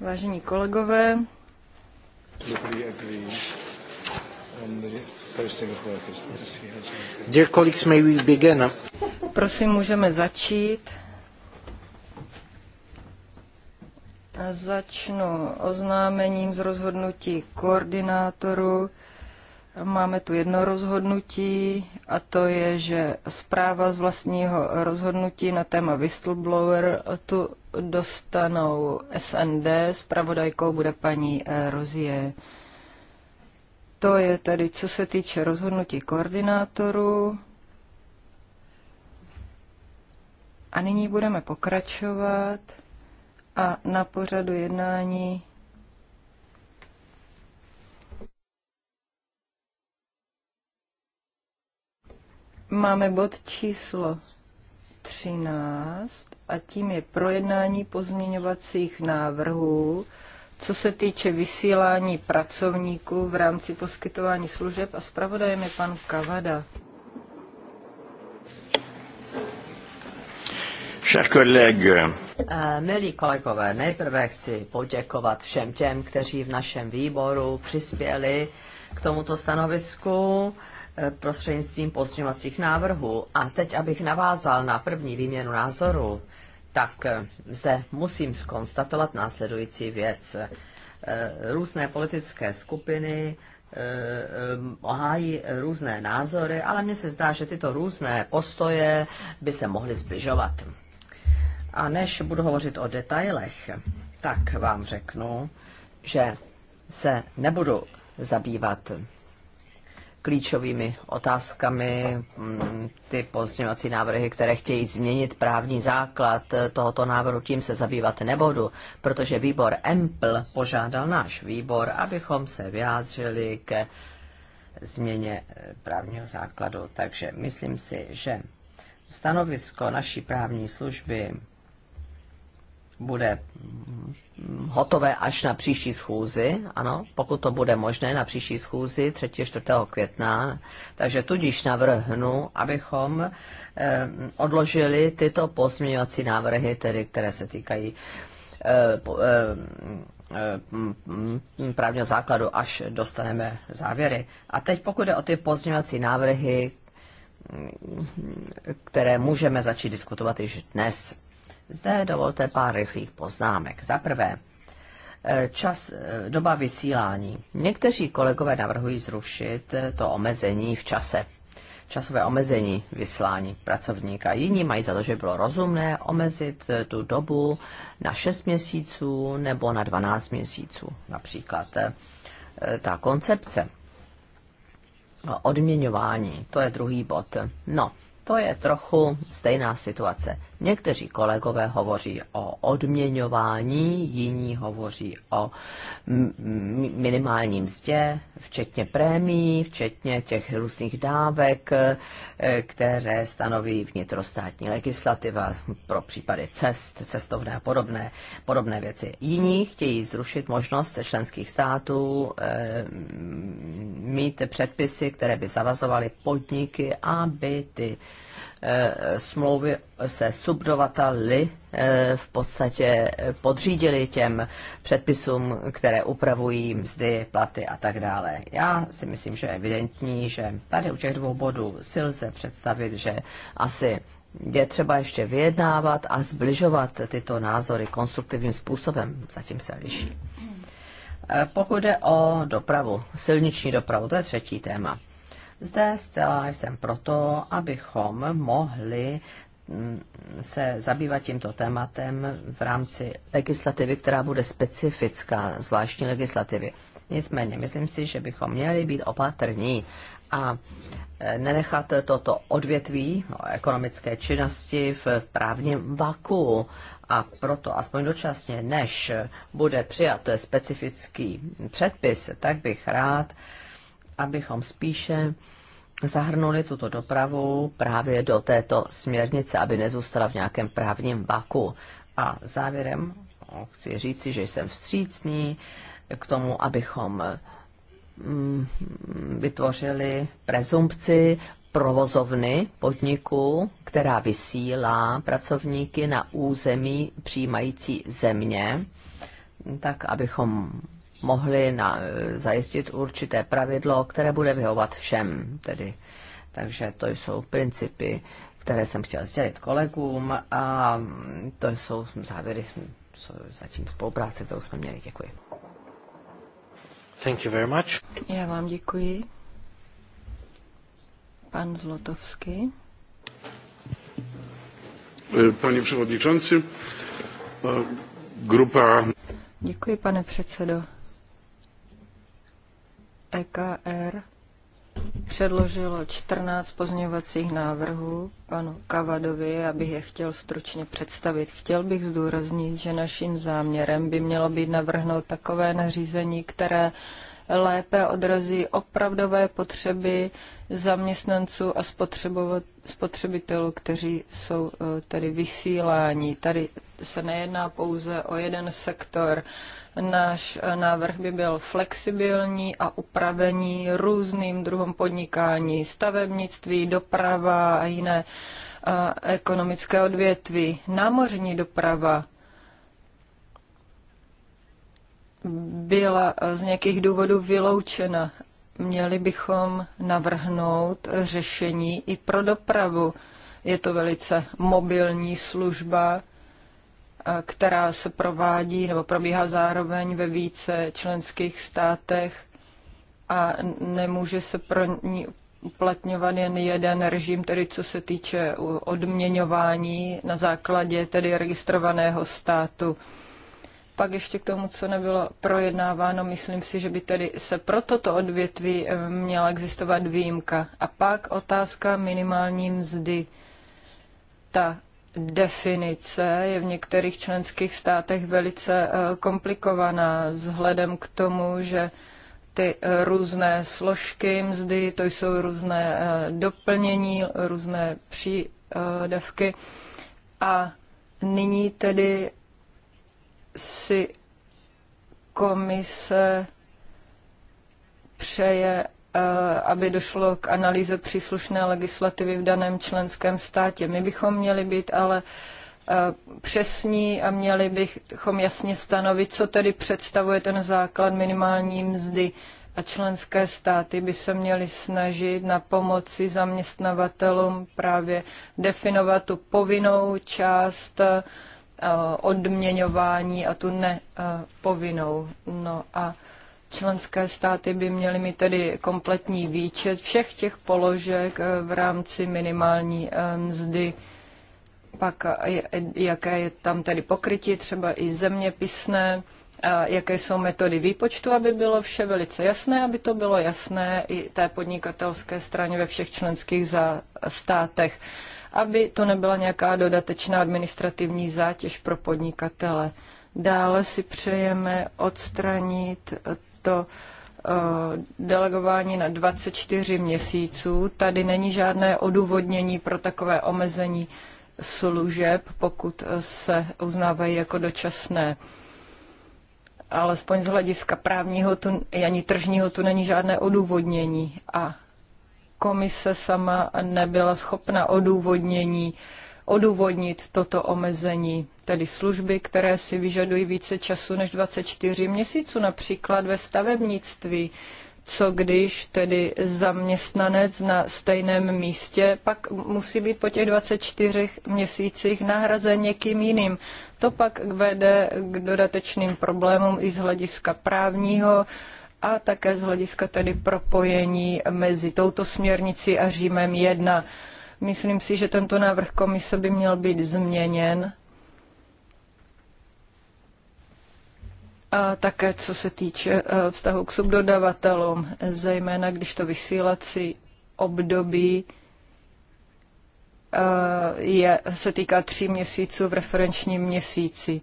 Vážení kolegové, Dear colleagues, may we begin? Prosím, můžeme začít. Začnu oznámením z rozhodnutí koordinátoru Máme tu jedno rozhodnutí a to je, že zpráva z vlastního rozhodnutí na téma whistleblower tu dostanou SND, zpravodajkou bude paní eh, Rozie. To je tedy, co se týče rozhodnutí koordinátorů. A nyní budeme pokračovat a na pořadu jednání Máme bod číslo 13 a tím je projednání pozměňovacích návrhů, co se týče vysílání pracovníků v rámci poskytování služeb a zpravodajem je pan Kavada. Eh, milí kolegové, nejprve chci poděkovat všem těm, kteří v našem výboru přispěli k tomuto stanovisku prostřednictvím pozměňovacích návrhů. A teď, abych navázal na první výměnu názoru, tak eh, zde musím skonstatovat následující věc. Eh, různé politické skupiny ohájí eh, různé názory, ale mně se zdá, že tyto různé postoje by se mohly zbližovat. A než budu hovořit o detailech, tak vám řeknu, že se nebudu zabývat klíčovými otázkami mm, ty pozměňovací návrhy, které chtějí změnit právní základ tohoto návrhu, tím se zabývat nebudu, protože výbor EMPL požádal náš výbor, abychom se vyjádřili ke změně eh, právního základu. Takže myslím si, že stanovisko naší právní služby bude hotové až na příští schůzi, ano, pokud to bude možné na příští schůzi 3. 4. května. Takže tudíž navrhnu, abychom eh, odložili tyto pozměňovací návrhy, tedy které se týkají eh, eh, eh mm, právního základu, až dostaneme závěry. A teď pokud jde o ty pozměňovací návrhy, mm, které můžeme začít diskutovat již dnes. Zde dovolte pár rychlých poznámek. Za prvé, eh, čas, eh, doba vysílání. Někteří kolegové navrhují zrušit eh, to omezení v čase. Časové omezení vyslání pracovníka. Jiní mají za to, že bylo rozumné omezit tu dobu na 6 měsíců nebo na 12 měsíců. Například ta koncepce no, odměňování, to je druhý bod. No, to je trochu stejná situace. Někteří kolegové hovoří o odměňování, jiní hovoří o minimálním mzdě, včetně prémií, včetně těch různých dávek, eh, které stanoví vnitrostátní legislativa pro případy cest, cestovné a podobné, podobné věci. Jiní chtějí zrušit možnost členských států eh, mít předpisy, které by zavazovaly podniky, aby ty Eh, smlouvy se subdovateli eh, v podstatě eh, podřídili těm předpisům, které upravují mzdy, platy a tak dále. Já si myslím, že je evidentní, že tady u těch dvou bodů si lze představit, že asi je třeba ještě vyjednávat a zbližovat tyto názory konstruktivním způsobem. Zatím se liší. Pokud jde o dopravu, silniční dopravu, to je třetí téma. Zde zcela jsem proto, abychom mohli mm, se zabývat tímto tématem v rámci legislativy, která bude specifická, zvláštní legislativy. Nicméně, myslím si, že bychom měli být opatrní a e, nenechat toto odvětví no, ekonomické činnosti v právním vaku a proto aspoň dočasně, než bude přijat specifický předpis, tak bych rád, abychom spíše zahrnuli tuto dopravu právě do této směrnice, aby nezůstala v nějakém právním vaku. A závěrem chci říci, že jsem vstřícný k tomu, abychom mm, vytvořili prezumpci provozovny podniku, která vysílá pracovníky na území přijímající země, tak abychom mohli na, zajistit určité pravidlo, které bude vyhovat všem. Tedy. Takže to jsou principy, které jsem chtěla sdělit kolegům a to jsou závěry zatím spolupráce, kterou jsme měli. Děkuji. Thank you very much. Já vám děkuji. Pan Zlotovský. Pane předsedající, no, grupa... Děkuji, pane předsedo. EKR předložilo 14 pozměňovacích návrhů panu Kavadovi, abych je chtěl stručně představit. Chtěl bych zdůraznit, že naším záměrem by mělo být navrhnout takové nařízení, které lépe odrazí opravdové potřeby zaměstnanců a spotřebitelů, kteří jsou e, tedy vysíláni. Tady se nejedná pouze o jeden sektor. Náš eh, návrh by byl flexibilní a upravený různým druhům podnikání, stavebnictví, doprava a jiné a eh, ekonomické odvětví, námořní doprava, byla eh, z nějakých důvodů vyloučena. Měli bychom navrhnout řešení i pro dopravu. Je to velice mobilní služba, která se provádí nebo probíhá zároveň ve více členských státech a nemůže se pro ní uplatňovat jen jeden režim, tedy co se týče odměňování na základě tedy registrovaného státu. Pak ještě k tomu, co nebylo projednáváno, myslím si, že by tedy se pro toto odvětví eh, měla existovat výjimka. A pak otázka minimální mzdy. Ta definice je v některých členských státech velice eh, komplikovaná vzhledem k tomu, že ty eh, různé složky mzdy, to jsou různé eh, doplnění, různé přídavky. A nyní tedy si komise přeje Eh, aby došlo k analýze příslušné legislativy v daném členském státě. My bychom měli být ale eh, přesní a měli bychom jasně stanovit, co tedy představuje ten základ minimální mzdy. A členské státy by se měly snažit na pomoci zaměstnavatelům právě definovat tu povinnou část eh, odměňování a tu nepovinnou. No a Členské státy by měly mít tedy kompletní výčet všech těch položek eh, v rámci minimální eh, mzdy pak eh, jaké je tam tedy pokrytí, třeba i zeměpisné, a jaké jsou metody výpočtu, aby bylo vše velice jasné, aby to bylo jasné i té podnikatelské straně ve všech členských státech, aby to nebyla nějaká dodatečná administrativní zátěž pro podnikatele. Dále si přejeme odstranit to eh, delegování na 24 měsíců. Tady není žádné odůvodnění pro takové omezení služeb, pokud eh, se uznávají jako dočasné. Alespoň z hlediska právního tu, ani tržního tu není žádné odůvodnění. A komise sama nebyla schopna odůvodnění odůvodnit toto omezení tedy služby, které si vyžadují více času než 24 měsíců, například ve stavebnictví. Co když tedy zaměstnanec na stejném místě pak musí být po těch 24 měsících nahrazen někým jiným. To pak vede k dodatečným problémům i z hlediska právního, a také z hlediska tedy propojení mezi touto směrnicí a Římem 1. Myslím si, že tento návrh komise by měl být změněn a také co se týče e, vztahu k subdodavatelům, zejména když to vysílací období e, je, se týká tří měsíců v referenčním měsíci.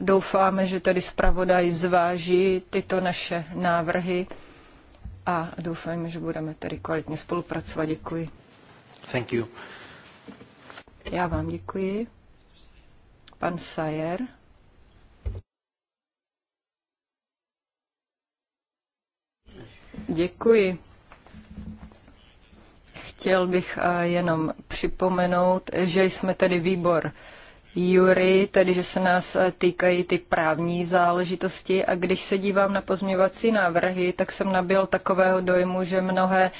Doufáme, že tedy zpravodaj zváží tyto naše návrhy a doufáme, že budeme tedy kvalitně spolupracovat. Děkuji. Thank you. Já vám děkuji. Pan Sayer. Děkuji. Chtěl bych eh, jenom připomenout, že jsme tedy výbor jury, tedy že se nás eh, týkají ty právní záležitosti a když se dívám na pozměvací návrhy, tak jsem nabil takového dojmu, že mnohé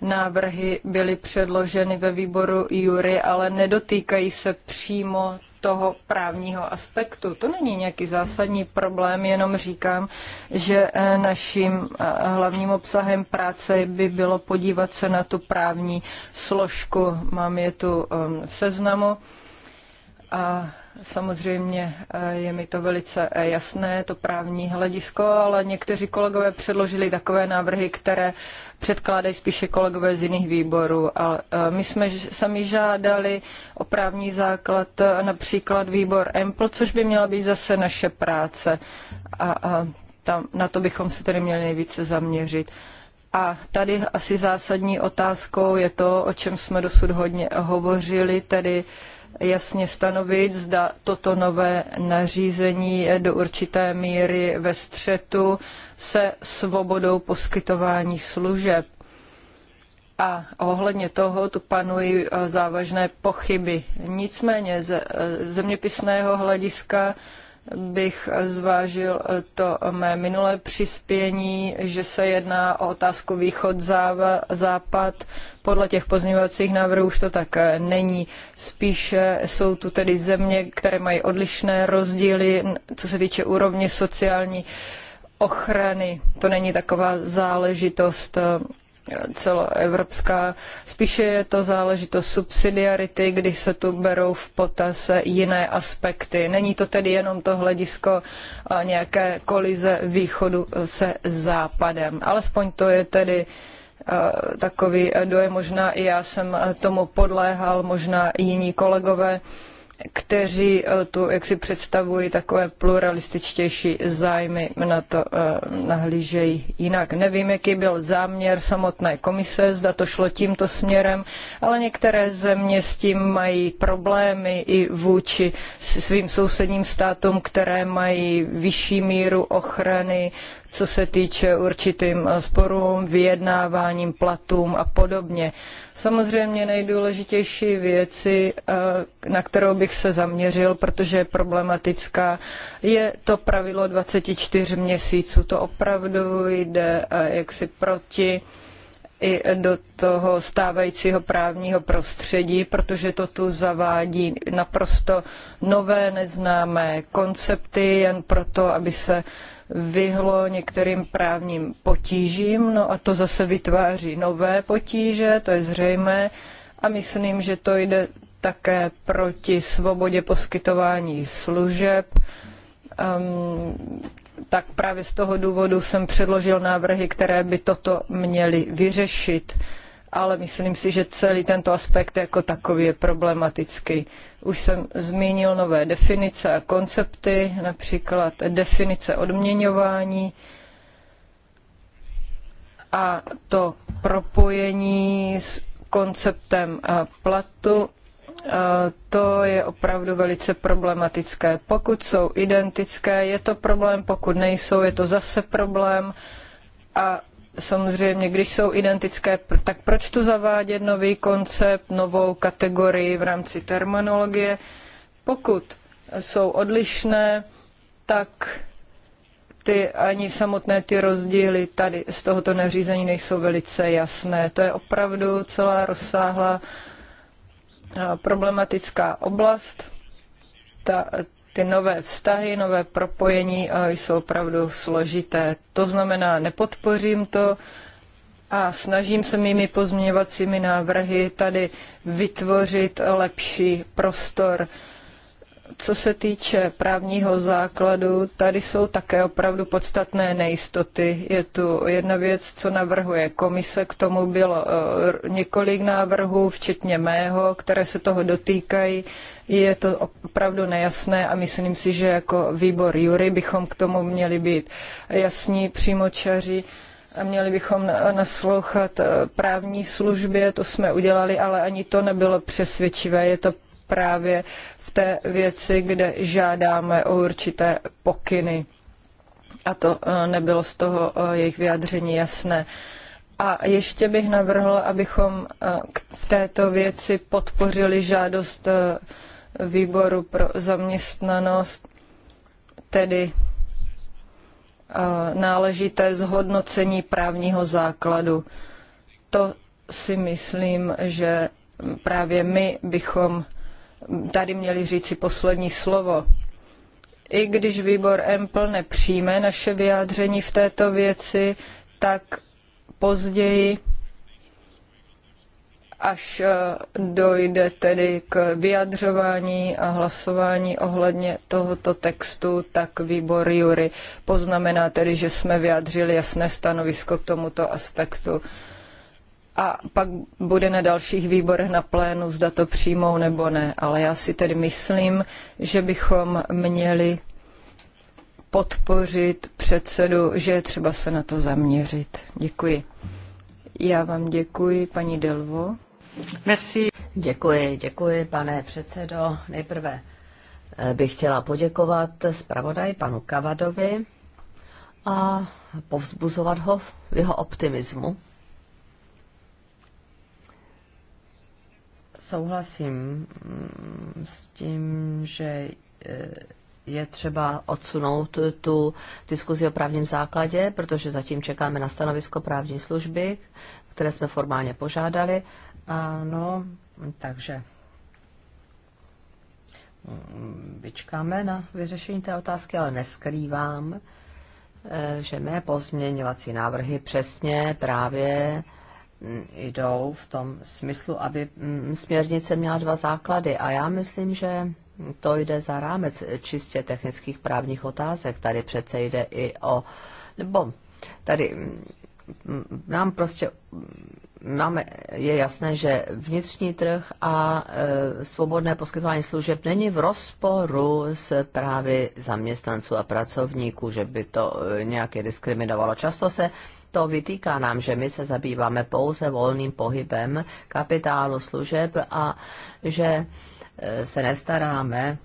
návrhy byly předloženy ve výboru jury, ale nedotýkají se přímo toho právního aspektu. To není nějaký zásadní problém, jenom říkám, že eh, naším eh, hlavním obsahem práce by bylo podívat se na tu právní složku. Mám je tu ehm, v seznamu. A samozřejmě eh, je mi to velice eh, jasné, to právní hledisko, ale někteří kolegové předložili takové návrhy, které předkládají spíše kolegové z jiných výborů. A eh, my jsme sami žádali o právní základ například výbor EMPL, což by měla být zase naše práce. A, a tam, na to bychom se tedy měli nejvíce zaměřit. A tady asi zásadní otázkou je to, o čem jsme dosud hodně hovořili, tedy uh, jasně stanovit, zda toto nové nařízení je do určité míry ve střetu se svobodou poskytování služeb. A ohledně toho tu panují eh, závažné pochyby. Nicméně ze eh, zeměpisného hlediska bych zvážil eh, to mé minulé přispění, že se jedná o otázku východ-západ. Podle těch pozměňovacích návrhů už to tak eh, není. Spíše jsou tu tedy země, které mají odlišné rozdíly, co se týče úrovně sociální ochrany. To není taková záležitost eh, celoevropská. Spíše je to záležitost subsidiarity, kdy se tu berou v potaz jiné aspekty. Není to tedy jenom to hledisko nějaké kolize východu se západem. Alespoň to je tedy takový dojem. Možná i já jsem tomu podléhal, možná i jiní kolegové kteří eh, tu jaksi představují takové pluralističtější zájmy, na to eh, nahlížejí jinak. Nevím, jaký byl záměr samotné komise, zda to šlo tímto směrem, ale některé země s tím mají problémy i vůči svým sousedním státům, které mají vyšší míru ochrany co se týče určitým eh, sporům, vyjednáváním, platům a podobně. Samozřejmě nejdůležitější věci, eh, na kterou bych se zaměřil, protože je problematická, je to pravidlo 24 měsíců. To opravdu jde eh, jaksi proti i do toho stávajícího právního prostředí, protože to tu zavádí naprosto nové neznámé koncepty jen proto, aby se vyhlo některým právním potížím, no a to zase vytváří nové potíže, to je zřejmé, a myslím, že to jde také proti svobodě poskytování služeb. Um, tak právě z toho důvodu jsem předložil návrhy, které by toto měly vyřešit. Uh, ale myslím si, že celý tento aspekt jako takový je problematický. Už jsem zmínil nové definice a koncepty, například definice odměňování a to propojení s konceptem platu to je opravdu velice problematické. Pokud jsou identické, je to problém, pokud nejsou, je to zase problém. A samozřejmě, když jsou identické, tak proč tu zavádět nový koncept, novou kategorii v rámci terminologie? Pokud jsou odlišné, tak ty ani samotné ty rozdíly tady z tohoto nařízení nejsou velice jasné. To je opravdu celá rozsáhlá problematická oblast. Ta, ty nové vztahy, nové propojení jsou opravdu složité. To znamená, nepodpořím to a snažím se mými pozměňovacími návrhy tady vytvořit lepší prostor co se týče právního základu, tady jsou také opravdu podstatné nejistoty. Je tu jedna věc, co navrhuje komise, k tomu bylo eh, několik návrhů, včetně mého, které se toho dotýkají. Je to opravdu nejasné a myslím si, že jako výbor jury bychom k tomu měli být jasní, přímočaří a měli bychom naslouchat eh, právní službě, to jsme udělali, ale ani to nebylo přesvědčivé. Je to právě v té věci, kde žádáme o určité pokyny. A to eh, nebylo z toho eh, jejich vyjádření jasné. A ještě bych navrhl, abychom eh, v této věci podpořili žádost výboru pro zaměstnanost, tedy náležité zhodnocení právního základu. To si myslím, že právě my bychom tady měli říci poslední slovo. I když výbor EMPL nepřijme naše vyjádření v této věci, tak později až eh, dojde tedy k vyjadřování a hlasování ohledně tohoto textu, tak výbor Jury poznamená tedy, že jsme vyjádřili jasné stanovisko k tomuto aspektu a pak bude na dalších výborech na plénu, zda to přijmou nebo ne. Ale já si tedy myslím, že bychom měli podpořit předsedu, že je třeba se na to zaměřit. Děkuji. Já vám děkuji, paní Delvo. Merci. Děkuji, děkuji, pane předsedo. Nejprve eh, bych chtěla poděkovat zpravodaj panu Kavadovi a povzbuzovat ho v jeho optimismu souhlasím mm, s tím, že e, je třeba odsunout tu diskuzi o právním základě, protože zatím čekáme na stanovisko právní služby, které jsme formálně požádali. Ano, takže mm, vyčkáme na vyřešení té otázky, ale neskrývám, e, že mé pozměňovací návrhy přesně právě jdou v tom smyslu, aby mm, směrnice měla dva základy. A já myslím, že to jde za rámec čistě technických právních otázek. Tady přece jde i o, nebo tady mm, nám prostě mm, máme, je jasné, že vnitřní trh a e, svobodné poskytování služeb není v rozporu s právy zaměstnanců a pracovníků, že by to e, nějaké diskriminovalo. Často se to vytýká nám, že my se zabýváme pouze volným pohybem kapitálu služeb a že e, se nestaráme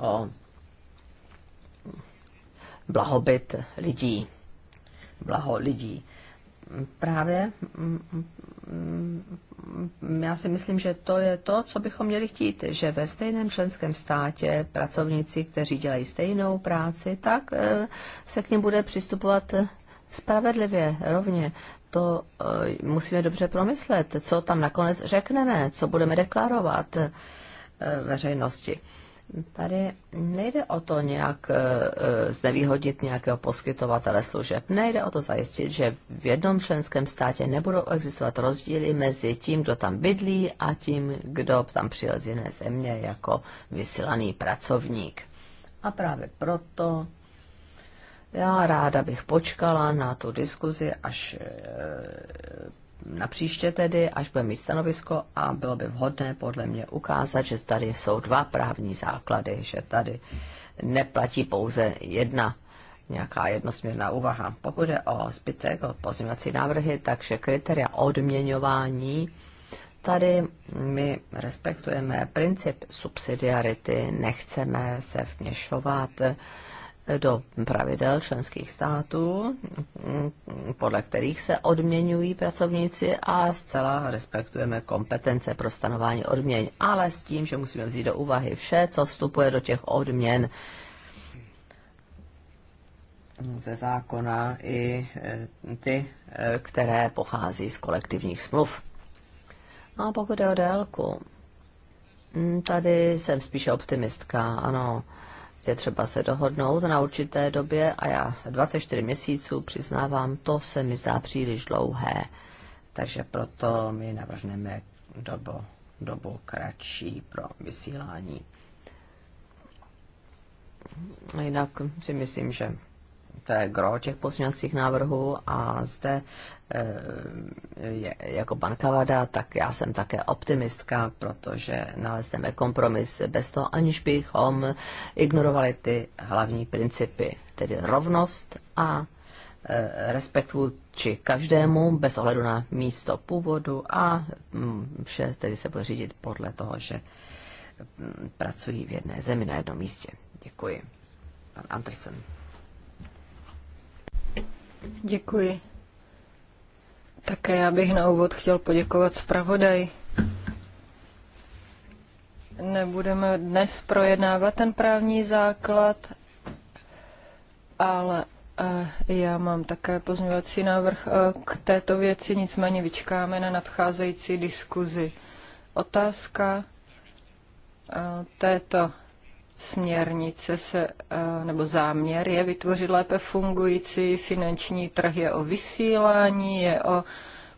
o blahobyt lidí. Blaho lidí. Právě já si myslím, že to je to, co bychom měli chtít, že ve stejném členském státě pracovníci, kteří dělají stejnou práci, tak e, se k ním bude přistupovat spravedlivě, rovně, to eh, musíme dobře promyslet, co tam nakonec řekneme, co budeme deklarovat eh, veřejnosti. Tady nejde o to nějak eh, znevýhodnit nějakého poskytovatele služeb. Nejde o to zajistit, že v jednom členském státě nebudou existovat rozdíly mezi tím, kdo tam bydlí a tím, kdo tam přijel z jiné země jako vysílaný pracovník. A právě proto já ráda bych počkala na tu diskuzi až eh, na příště tedy, až bude mít stanovisko a bylo by vhodné podle mě ukázat, že tady jsou dva právní základy, že tady neplatí pouze jedna nějaká jednosměrná úvaha. Pokud je o zbytek, o pozměňovací návrhy, takže kritéria odměňování, tady my respektujeme princip subsidiarity, nechceme se vměšovat do pravidel členských států, podle kterých se odměňují pracovníci a zcela respektujeme kompetence pro stanování odměň, ale s tím, že musíme vzít do úvahy vše, co vstupuje do těch odměn ze zákona i eh, ty, eh, které pochází z kolektivních smluv. A pokud je o délku, hm, tady jsem spíše optimistka, ano je třeba se dohodnout na určité době a já 24 měsíců přiznávám, to se mi zdá příliš dlouhé, takže proto my navrhneme dobu, dobu kratší pro vysílání. Jinak si myslím, že to je gro těch pozměňovacích návrhů a zde eh, je, jako banka vada, tak já jsem také optimistka, protože nalezneme kompromis bez toho, aniž bychom ignorovali ty hlavní principy, tedy rovnost a eh, respekt vůči každému bez ohledu na místo původu a mm, vše tedy se bude řídit podle toho, že mm, pracují v jedné zemi na jednom místě. Děkuji. Pan Andersen. Děkuji. Také já bych na úvod chtěl poděkovat zpravodaj. Nebudeme dnes projednávat ten právní základ, ale eh, já mám také pozměňovací návrh eh, k této věci, nicméně vyčkáme na nadcházející diskuzi. Otázka eh, této směrnice se, eh, nebo záměr je vytvořit lépe fungující finanční trh, je o vysílání, je o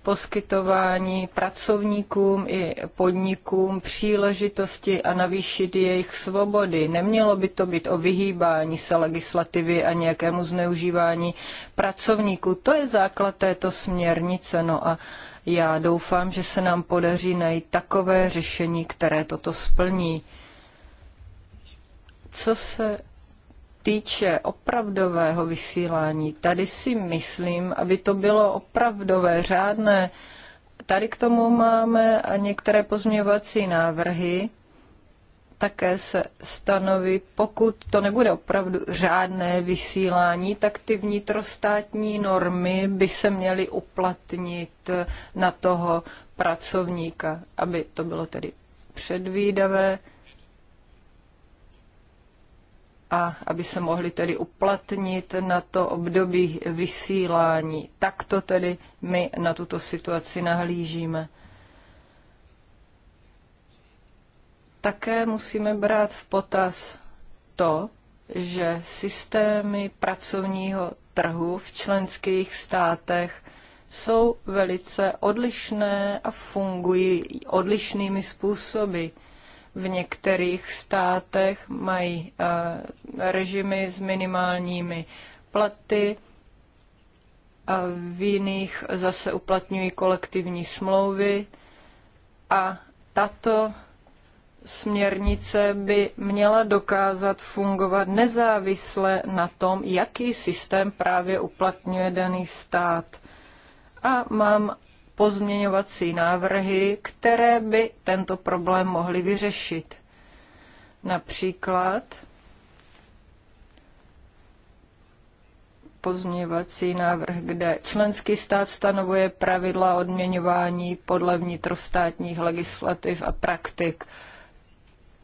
poskytování pracovníkům i podnikům příležitosti a navýšit jejich svobody. Nemělo by to být o vyhýbání se legislativy a nějakému zneužívání pracovníků. To je základ této směrnice. No a já doufám, že se nám podaří najít takové řešení, které toto splní. Co se týče opravdového vysílání, tady si myslím, aby to bylo opravdové, řádné. Tady k tomu máme některé pozměňovací návrhy. Také se stanoví, pokud to nebude opravdu řádné vysílání, tak ty vnitrostátní normy by se měly uplatnit na toho pracovníka, aby to bylo tedy předvídavé a aby se mohli tedy uplatnit na to období vysílání. Takto tedy my na tuto situaci nahlížíme. Také musíme brát v potaz to, že systémy pracovního trhu v členských státech jsou velice odlišné a fungují odlišnými způsoby. V některých státech mají eh, režimy s minimálními platy, a v jiných zase uplatňují kolektivní smlouvy a tato směrnice by měla dokázat fungovat nezávisle na tom, jaký systém právě uplatňuje daný stát. A mám pozměňovací návrhy, které by tento problém mohly vyřešit. Například pozměňovací návrh, kde členský stát stanovuje pravidla odměňování podle vnitrostátních legislativ a praktik.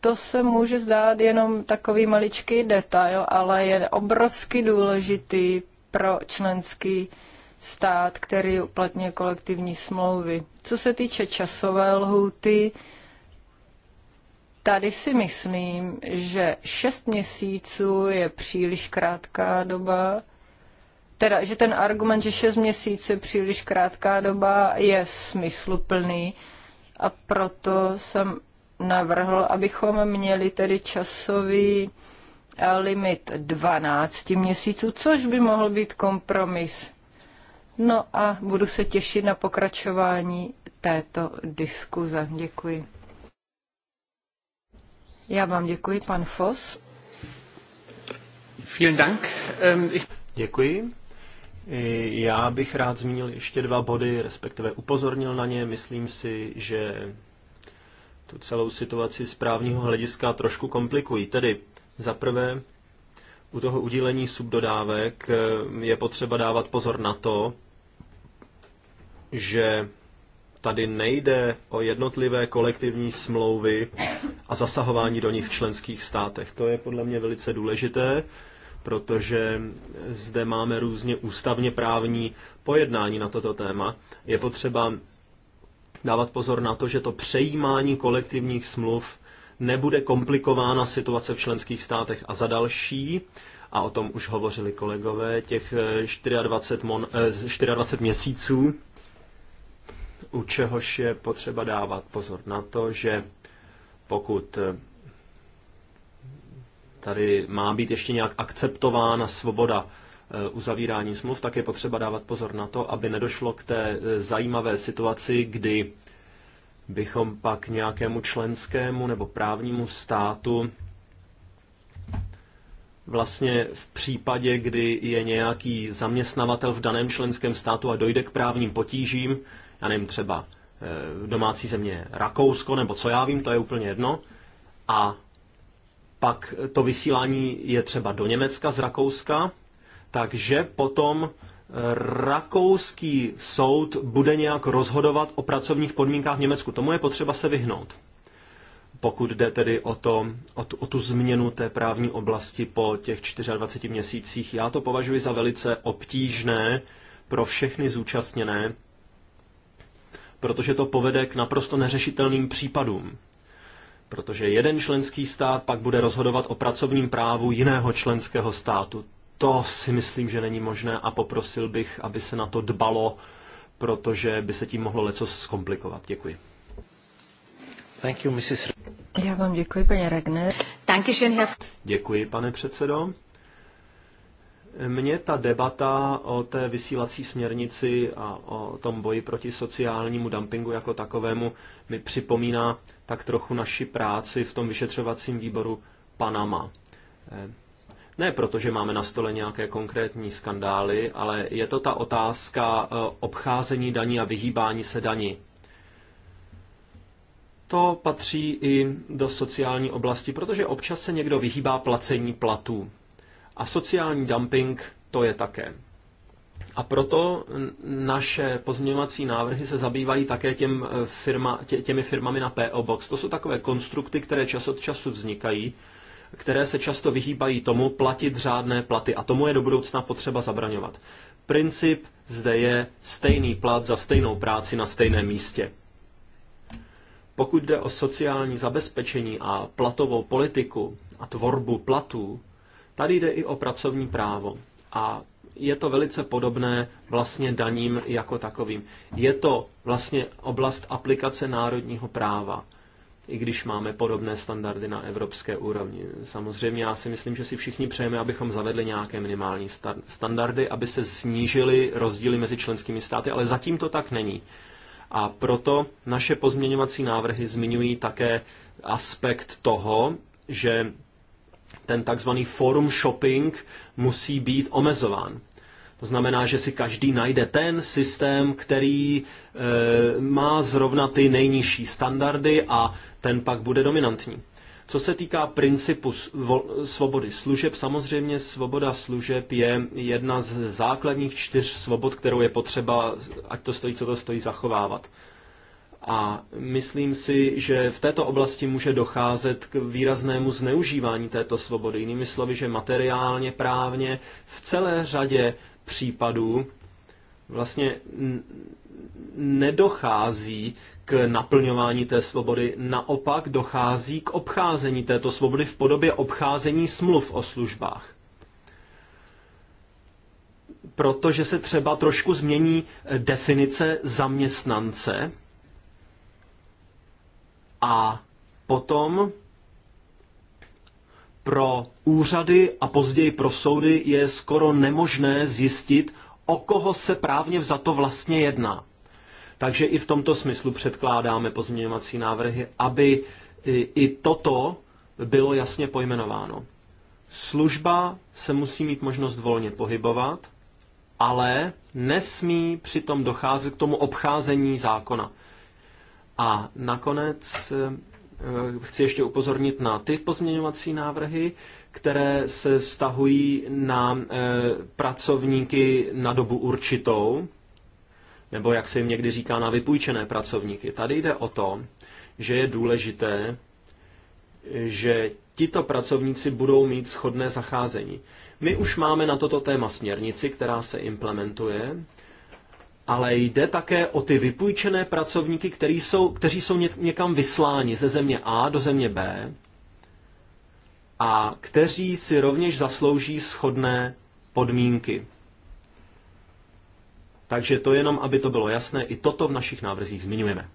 To se může zdát jenom takový maličký detail, ale je obrovsky důležitý pro členský stát stát, který uplatňuje kolektivní smlouvy. Co se týče časové lhuty, tady si myslím, že 6 měsíců je příliš krátká doba, teda, že ten argument, že 6 měsíců je příliš krátká doba, je smysluplný a proto jsem navrhl, abychom měli tedy časový eh, limit 12 měsíců, což by mohl být kompromis. No a budu se těšit na pokračování této diskuze. Děkuji. Já vám děkuji, pan Foss. Vielen Dank. Ähm, děkuji. Já bych rád zmínil ještě dva body, respektive upozornil na ně. Myslím si, že tu celou situaci z právního hlediska trošku komplikují. Tedy za prvé, u toho udílení subdodávek eh, je potřeba dávat pozor na to, že tady nejde o jednotlivé kolektivní smlouvy a zasahování do nich v členských státech. To je podle mě velice důležité, protože zde máme různě ústavně právní pojednání na toto téma. Je potřeba dávat pozor na to, že to přejímání kolektivních smluv nebude komplikována situace v členských státech a za další, a o tom už hovořili kolegové, těch 24, mon, 24 eh, měsíců u čehož je potřeba dávat pozor na to, že pokud eh, tady má být ještě nějak akceptována svoboda eh, uzavírání smluv, tak je potřeba dávat pozor na to, aby nedošlo k té eh, zajímavé situaci, kdy bychom pak nějakému členskému nebo právnímu státu vlastně v případě, kdy je nějaký zaměstnavatel v daném členském státu a dojde k právním potížím, já nevím, třeba eh, domácí země Rakousko, nebo co já vím, to je úplně jedno. A pak to vysílání je třeba do Německa z Rakouska, takže potom eh, rakouský soud bude nějak rozhodovat o pracovních podmínkách v Německu. Tomu je potřeba se vyhnout. Pokud jde tedy o, to, o, tu, o tu změnu té právní oblasti po těch 24 měsících, já to považuji za velice obtížné pro všechny zúčastněné, protože to povede k naprosto neřešitelným případům. Protože jeden členský stát pak bude rozhodovat o pracovním právu jiného členského státu. To si myslím, že není možné a poprosil bych, aby se na to dbalo, protože by se tím mohlo leco zkomplikovat. Děkuji. Thank you, Mrs. Já vám děkuji, paní Regner. Děkuji, pane předsedo. Mě ta debata o té vysílací směrnici a o tom boji proti sociálnímu dumpingu jako takovému mi připomíná tak trochu naši práci v tom vyšetřovacím výboru Panama. Eh, ne proto, že máme na stole nějaké konkrétní skandály, ale je to ta otázka eh, obcházení daní a vyhýbání se daní. To patří i do sociální oblasti, protože občas se někdo vyhýbá placení platů. A sociální dumping to je také. A proto naše pozměňovací návrhy se zabývají také těm eh, firma, tě, těmi firmami na PO Box. To jsou takové konstrukty, které čas od času vznikají, které se často vyhýbají tomu platit řádné platy a tomu je do budoucna potřeba zabraňovat. Princip zde je stejný plat za stejnou práci na stejném místě. Pokud jde o sociální zabezpečení a platovou politiku a tvorbu platů, Tady jde i o pracovní právo a je to velice podobné vlastně daním jako takovým. Je to vlastně oblast aplikace národního práva, i když máme podobné standardy na evropské úrovni. Samozřejmě já si myslím, že si všichni přejeme, abychom zavedli nějaké minimální standardy, aby se snížily rozdíly mezi členskými státy, ale zatím to tak není. A proto naše pozměňovací návrhy zmiňují také aspekt toho, že ten takzvaný forum shopping musí být omezován. To znamená, že si každý najde ten systém, který e, má zrovna ty nejnižší standardy a ten pak bude dominantní. Co se týká principu svobody služeb, samozřejmě svoboda služeb je jedna z základních čtyř svobod, kterou je potřeba, ať to stojí, co to stojí, zachovávat. A myslím si, že v této oblasti může docházet k výraznému zneužívání této svobody. Jinými slovy, že materiálně, právně, v celé řadě případů vlastně nedochází k naplňování té svobody. Naopak dochází k obcházení této svobody v podobě obcházení smluv o službách protože se třeba trošku změní definice zaměstnance a potom pro úřady a později pro soudy je skoro nemožné zjistit, o koho se právně za to vlastně jedná. Takže i v tomto smyslu předkládáme pozměňovací návrhy, aby i toto bylo jasně pojmenováno. Služba se musí mít možnost volně pohybovat, ale nesmí přitom docházet k tomu obcházení zákona. A nakonec eh, chci ještě upozornit na ty pozměňovací návrhy, které se vztahují na eh, pracovníky na dobu určitou, nebo jak se jim někdy říká, na vypůjčené pracovníky. Tady jde o to, že je důležité, že tito pracovníci budou mít schodné zacházení. My už máme na toto téma směrnici, která se implementuje ale jde také o ty vypůjčené pracovníky, který jsou, kteří jsou někam vysláni ze země A do země B a kteří si rovněž zaslouží shodné podmínky. Takže to jenom, aby to bylo jasné, i toto v našich návrzích zmiňujeme.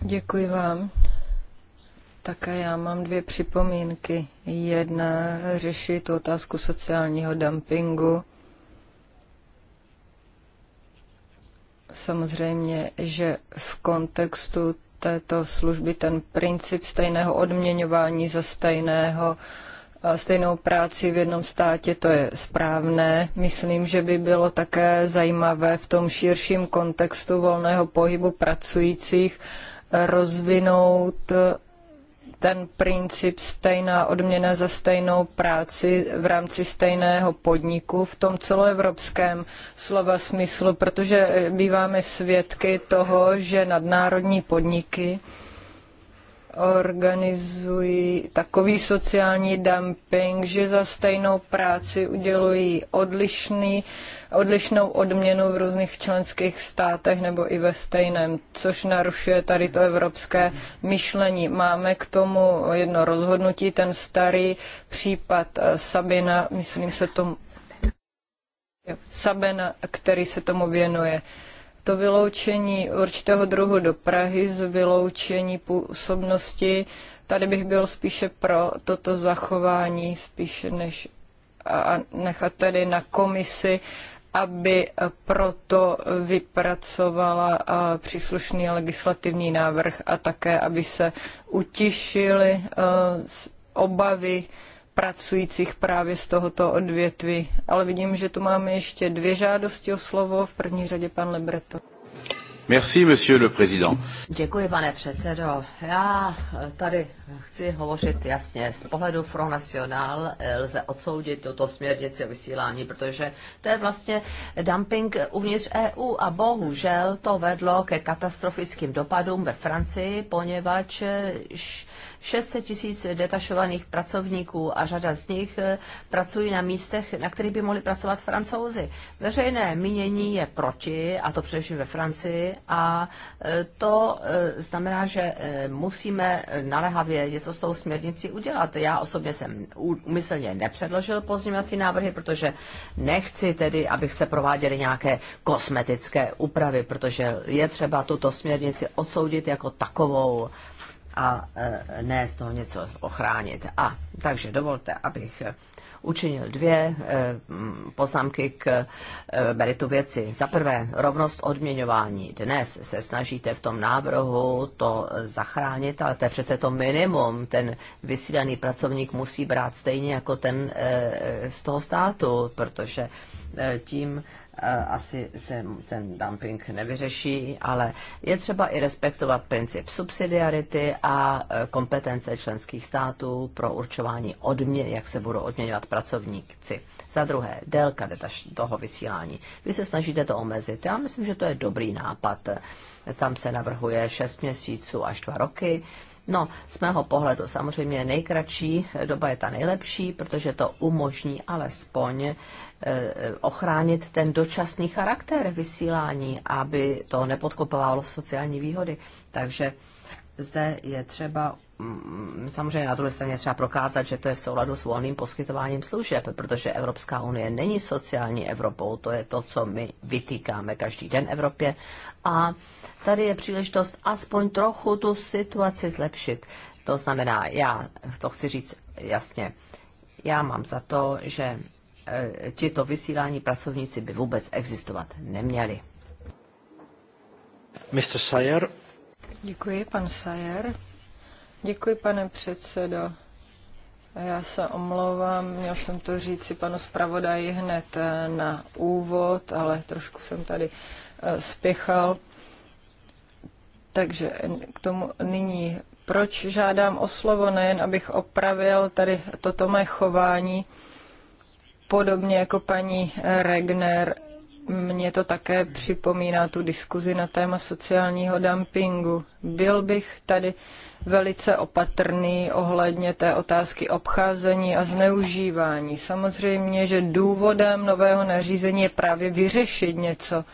Děkuji vám. Také já mám dvě připomínky. Jedna řeší tu otázku sociálního dumpingu Samozřejmě, že v kontextu této služby ten princip stejného odměňování za stejného stejnou práci v jednom státě, to je správné. Myslím, že by bylo také zajímavé v tom širším kontextu volného pohybu pracujících rozvinout ten princip stejná odměna za stejnou práci v rámci stejného podniku v tom celoevropském slova smyslu, protože býváme svědky toho, že nadnárodní podniky organizují takový sociální dumping, že za stejnou práci udělují odlišný, odlišnou odměnu v různých členských státech nebo i ve stejném, což narušuje tady to evropské myšlení. Máme k tomu jedno rozhodnutí, ten starý případ eh, Sabina, myslím se tomu, Sabina, který se tomu věnuje to vyloučení určitého druhu do Prahy z vyloučení působnosti, tady bych byl spíše pro toto zachování, spíše než a nechat tedy na komisi, aby proto vypracovala příslušný legislativní návrh a také, aby se utišily obavy pracujících právě z tohoto odvětví. Ale vidím, že tu máme ještě dvě žádosti o slovo. V první řadě pan Lebreto. Merci, monsieur le président. Děkuji, pane předsedo. Já tady chci hovořit jasně. Z pohledu Front National lze odsoudit tuto směrnici o vysílání, protože to je vlastně dumping uvnitř EU a bohužel to vedlo ke katastrofickým dopadům ve Francii, poněvadž 600 tisíc detašovaných pracovníků a řada z nich eh, pracují na místech, na kterých by mohli pracovat francouzi. Veřejné mínění je proti, a to především ve Francii, a eh, to eh, znamená, že musíme naléhavě něco s tou směrnicí udělat. Já osobně jsem umyslně nepředložil pozměňovací návrhy, protože nechci tedy, abych se prováděly nějaké kosmetické úpravy, protože je třeba tuto směrnici odsoudit jako takovou a ne z toho něco ochránit. A takže dovolte, abych učinil dvě e, poznámky k e, meritu věci. Za prvé, rovnost odměňování. Dnes se snažíte v tom návrhu to zachránit, ale to je přece to minimum. Ten vysílaný pracovník musí brát stejně jako ten e, z toho státu, protože tím Eh, asi se ten dumping nevyřeší, ale je třeba i respektovat princip subsidiarity a eh, kompetence členských států pro určování odměn, jak se budou odměňovat pracovníci. Za druhé, délka toho vysílání. Vy se snažíte to omezit. Já myslím, že to je dobrý nápad. Tam se navrhuje 6 měsíců až 2 roky. No, z mého pohledu samozřejmě nejkratší doba je ta nejlepší, protože to umožní alespoň Eh, ochránit ten dočasný charakter vysílání, aby to nepodkopovalo sociální výhody. Takže zde je třeba mm, samozřejmě na druhé straně třeba prokázat, že to je v souladu s volným poskytováním služeb, protože Evropská unie není sociální Evropou, to je to, co my vytýkáme každý den Evropě. A tady je příležitost aspoň trochu tu situaci zlepšit. To znamená, já to chci říct jasně, já mám za to, že Eh, tito vysílání pracovníci by vůbec existovat neměli. Mr. Sayer. Děkuji, pan Sayer. Děkuji, pane předsedo. Já se omlouvám, měl jsem to říci panu zpravodaji hned eh, na úvod, ale trošku jsem tady eh, spěchal. Takže k tomu nyní, proč žádám o slovo, nejen abych opravil tady toto mé chování, Podobně jako paní Regner, mě to také připomíná tu diskuzi na téma sociálního dumpingu. Byl bych tady velice opatrný ohledně té otázky obcházení a zneužívání. Samozřejmě, že důvodem nového nařízení je právě vyřešit něco.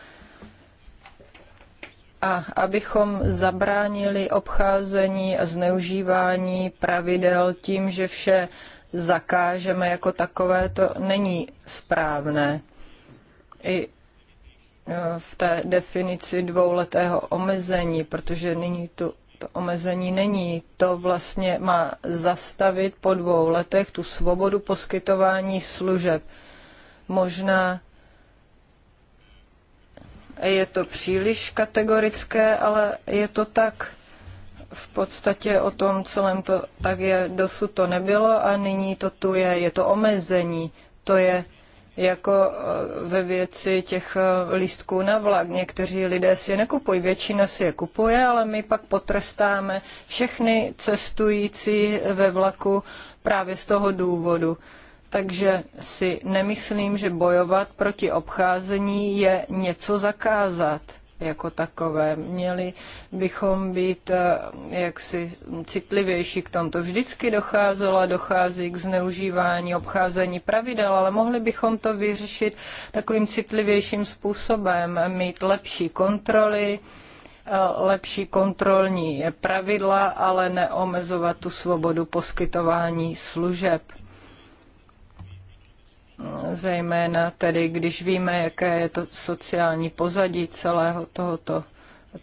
A abychom zabránili obcházení a zneužívání pravidel tím, že vše zakážeme jako takové, to není správné. I e, v té definici dvouletého omezení, protože nyní tu to omezení není. To vlastně má zastavit po dvou letech tu svobodu poskytování služeb. Možná je to příliš kategorické, ale je to tak v podstatě o tom celém to tak je, dosud to nebylo a nyní to tu je, je to omezení, to je jako e, ve věci těch e, lístků na vlak. Někteří lidé si je nekupují, většina si je kupuje, ale my pak potrestáme všechny cestující ve vlaku právě z toho důvodu. Takže si nemyslím, že bojovat proti obcházení je něco zakázat jako takové. Měli bychom být eh, jaksi citlivější k tomto. Vždycky docházelo a dochází k zneužívání, obcházení pravidel, ale mohli bychom to vyřešit takovým citlivějším způsobem, mít lepší kontroly, eh, lepší kontrolní pravidla, ale neomezovat tu svobodu poskytování služeb zejména tedy, když víme, jaké je to sociální pozadí celého tohoto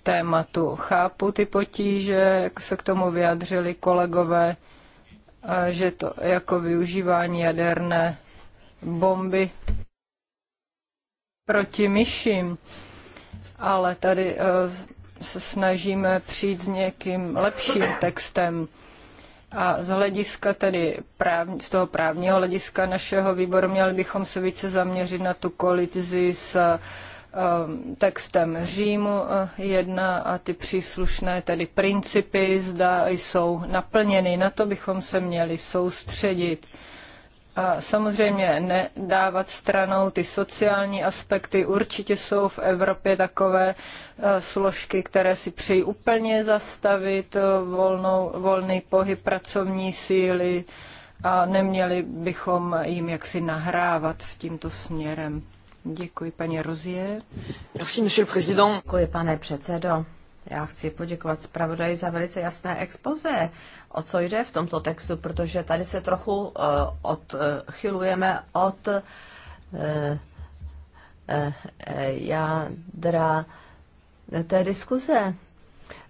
tématu. Chápu ty potíže, jak se k tomu vyjadřili kolegové, že to jako využívání jaderné bomby proti myším, ale tady eh, se snažíme přijít s někým lepším textem. A z hlediska tedy práv, z toho právního hlediska našeho výboru měli bychom se více zaměřit na tu kolizi s um, textem Římu 1 eh, a ty příslušné tedy principy, zda jsou naplněny. Na to bychom se měli soustředit. A samozřejmě nedávat stranou ty sociální aspekty. Určitě jsou v Evropě takové e, složky, které si přejí úplně zastavit e, volnou, volný pohyb pracovní síly a neměli bychom jim jaksi nahrávat v tímto směrem. Děkuji, paní Rozie. Děkuji, pane předsedo. Já chci poděkovat zpravodaji za velice jasné expoze, o co jde v tomto textu, protože tady se trochu uh, odchylujeme uh, od uh, uh, jádra té diskuze.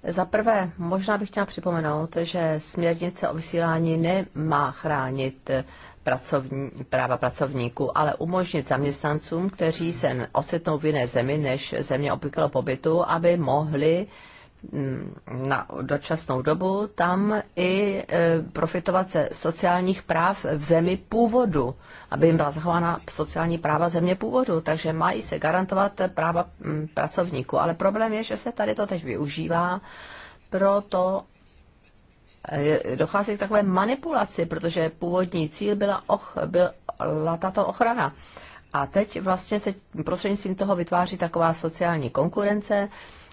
Za prvé, možná bych chtěla připomenout, že směrnice o vysílání nemá chránit pracovní, práva pracovníků, ale umožnit zaměstnancům, kteří se ocitnou v jiné zemi než země obvyklého pobytu, aby mohli mm, na dočasnou dobu tam i e, profitovat ze sociálních práv v zemi původu, aby jim byla zachována sociální práva země původu. Takže mají se garantovat práva mm, pracovníků. Ale problém je, že se tady to teď využívá pro to, Eh, dochází k takové manipulaci, protože původní cíl byla, och, byla tato ochrana. A teď vlastně se prostřednictvím toho vytváří taková sociální konkurence,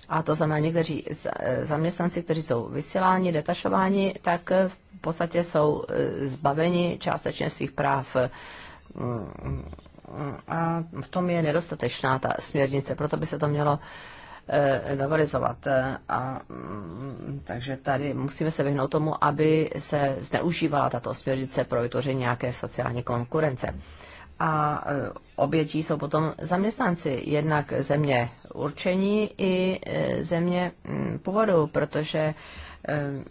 a to znamená, někteří eh, zaměstnanci, kteří jsou vysíláni, detašováni, tak eh, v podstatě jsou zbaveni částečně svých práv. Mm, mm, mm. A v tom je nedostatečná ta směrnice, proto by se to mělo Eh, novelizovat. Eh, a, mm, takže tady musíme se vyhnout tomu, aby se zneužívala tato směrnice pro vytvoření nějaké sociální konkurence. A eh, obětí jsou potom zaměstnanci, jednak země určení i země mm, původu, protože Ehm,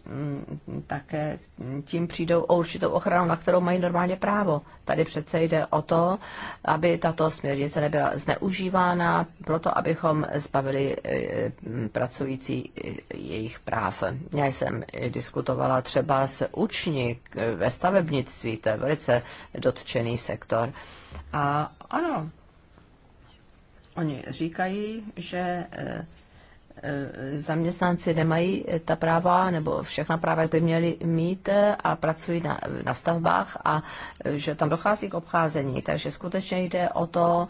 také tím přijdou o určitou ochranu, na kterou mají normálně právo. Tady přece jde o to, aby tato směrnice nebyla zneužívána, proto abychom zbavili ehm, pracující eh, jejich práv. Já jsem diskutovala třeba s učni eh, ve stavebnictví, to je velice dotčený sektor. A ano, oni říkají, že eh, E, zaměstnanci nemají ta práva nebo všechna práva, jak by měli mít e, a pracují na, na stavbách a e, že tam dochází k obcházení. Takže skutečně jde o to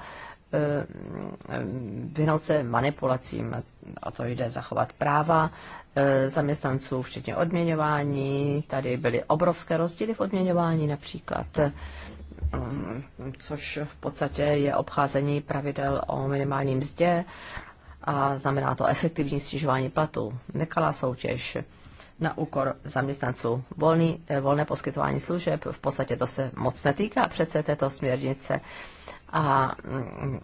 vyhnout se manipulacím. O to jde zachovat práva zaměstnanců, včetně odměňování. Tady byly obrovské rozdíly v odměňování například což v podstatě je obcházení pravidel o minimálním mzdě a znamená to efektivní snižování platů, nekalá soutěž na úkor zaměstnanců, volný, eh, volné poskytování služeb, v podstatě to se moc netýká přece této směrnice a mm, mm,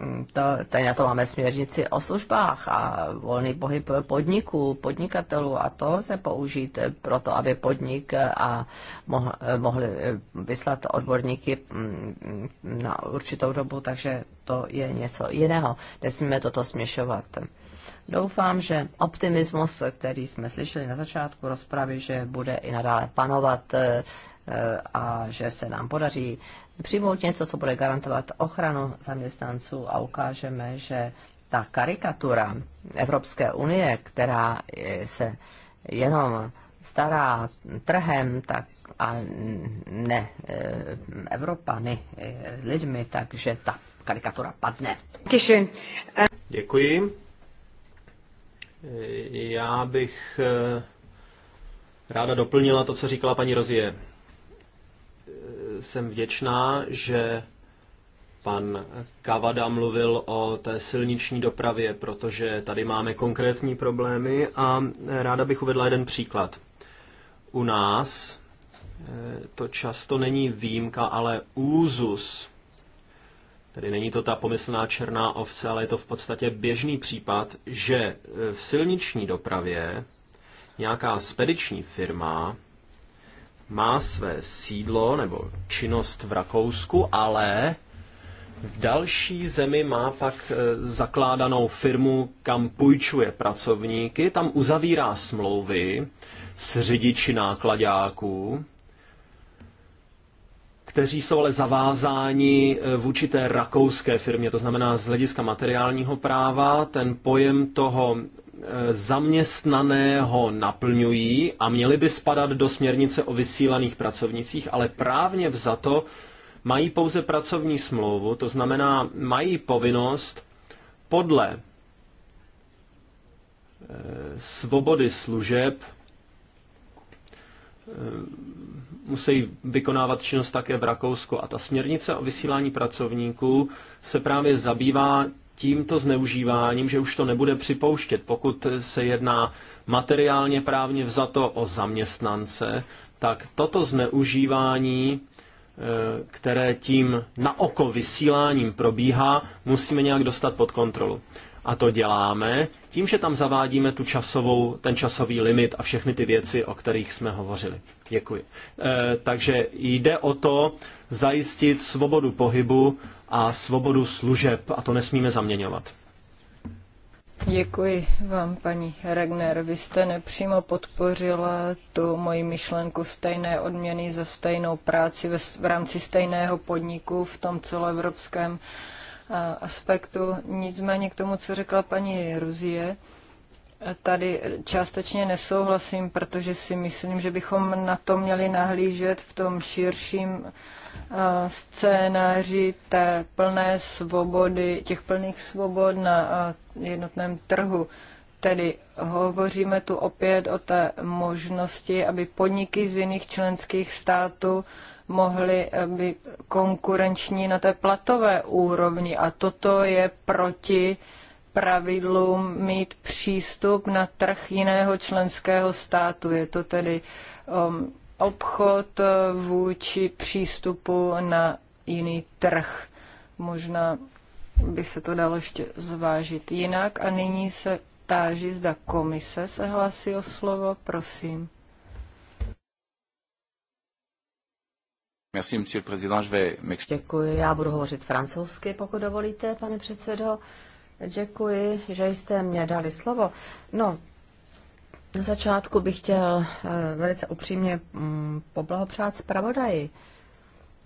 mm, to, tady na to máme směrnici o službách a volný pohyb podniků, podnikatelů a to se použít pro to, aby podnik a mohli vyslat odborníky na určitou dobu, takže to je něco jiného. Nesmíme toto směšovat. Doufám, že optimismus, který jsme slyšeli na začátku rozpravy, že bude i nadále panovat Eh, a že se nám podaří přijmout něco, co bude garantovat ochranu zaměstnanců a ukážeme, že ta karikatura Evropské unie, která se jenom stará trhem tak a ne eh, Evropany eh, lidmi, takže ta karikatura padne. Děkuji. Já bych ráda doplnila to, co říkala paní Rozie jsem vděčná, že pan Kavada mluvil o té silniční dopravě, protože tady máme konkrétní problémy a ráda bych uvedla jeden příklad. U nás eh, to často není výjimka, ale úzus. Tedy není to ta pomyslná černá ovce, ale je to v podstatě běžný případ, že eh, v silniční dopravě nějaká spediční firma má své sídlo nebo činnost v Rakousku, ale v další zemi má pak e, zakládanou firmu, kam půjčuje pracovníky, tam uzavírá smlouvy s řidiči nákladáků, kteří jsou ale zavázáni e, vůči té rakouské firmě. To znamená, z hlediska materiálního práva ten pojem toho zaměstnaného naplňují a měly by spadat do směrnice o vysílaných pracovnicích, ale právně vzato mají pouze pracovní smlouvu, to znamená, mají povinnost podle eh, svobody služeb eh, musí vykonávat činnost také v Rakousku. A ta směrnice o vysílání pracovníků se právě zabývá tímto zneužíváním, že už to nebude připouštět. Pokud se jedná materiálně právně vzato o zaměstnance, tak toto zneužívání, e, které tím na oko vysíláním probíhá, musíme nějak dostat pod kontrolu. A to děláme tím, že tam zavádíme tu časovou, ten časový limit a všechny ty věci, o kterých jsme hovořili. Děkuji. E, takže jde o to zajistit svobodu pohybu a svobodu služeb a to nesmíme zaměňovat. Děkuji vám, paní Regner. Vy jste nepřímo podpořila tu moji myšlenku stejné odměny za stejnou práci v rámci stejného podniku v tom celoevropském aspektu. Nicméně k tomu, co řekla paní Ruzie, tady částečně nesouhlasím, protože si myslím, že bychom na to měli nahlížet v tom širším eh, scénáři té plné svobody, těch plných svobod na eh, jednotném trhu. Tedy hovoříme tu opět o té možnosti, aby podniky z jiných členských států mohly eh, být konkurenční na té platové úrovni. A toto je proti uh, pravidlům mít přístup na trh jiného členského státu. Je to tedy um, obchod uh, vůči přístupu na jiný trh. Možná by se to dalo ještě zvážit jinak. A nyní se táží, zda komise se hlásí o slovo. Prosím. Děkuji, já budu hovořit francouzsky, pokud dovolíte, pane předsedo. Děkuji, že jste mě dali slovo. No, na začátku bych chtěl eh, velice upřímně mm, poblahopřát zpravodaji,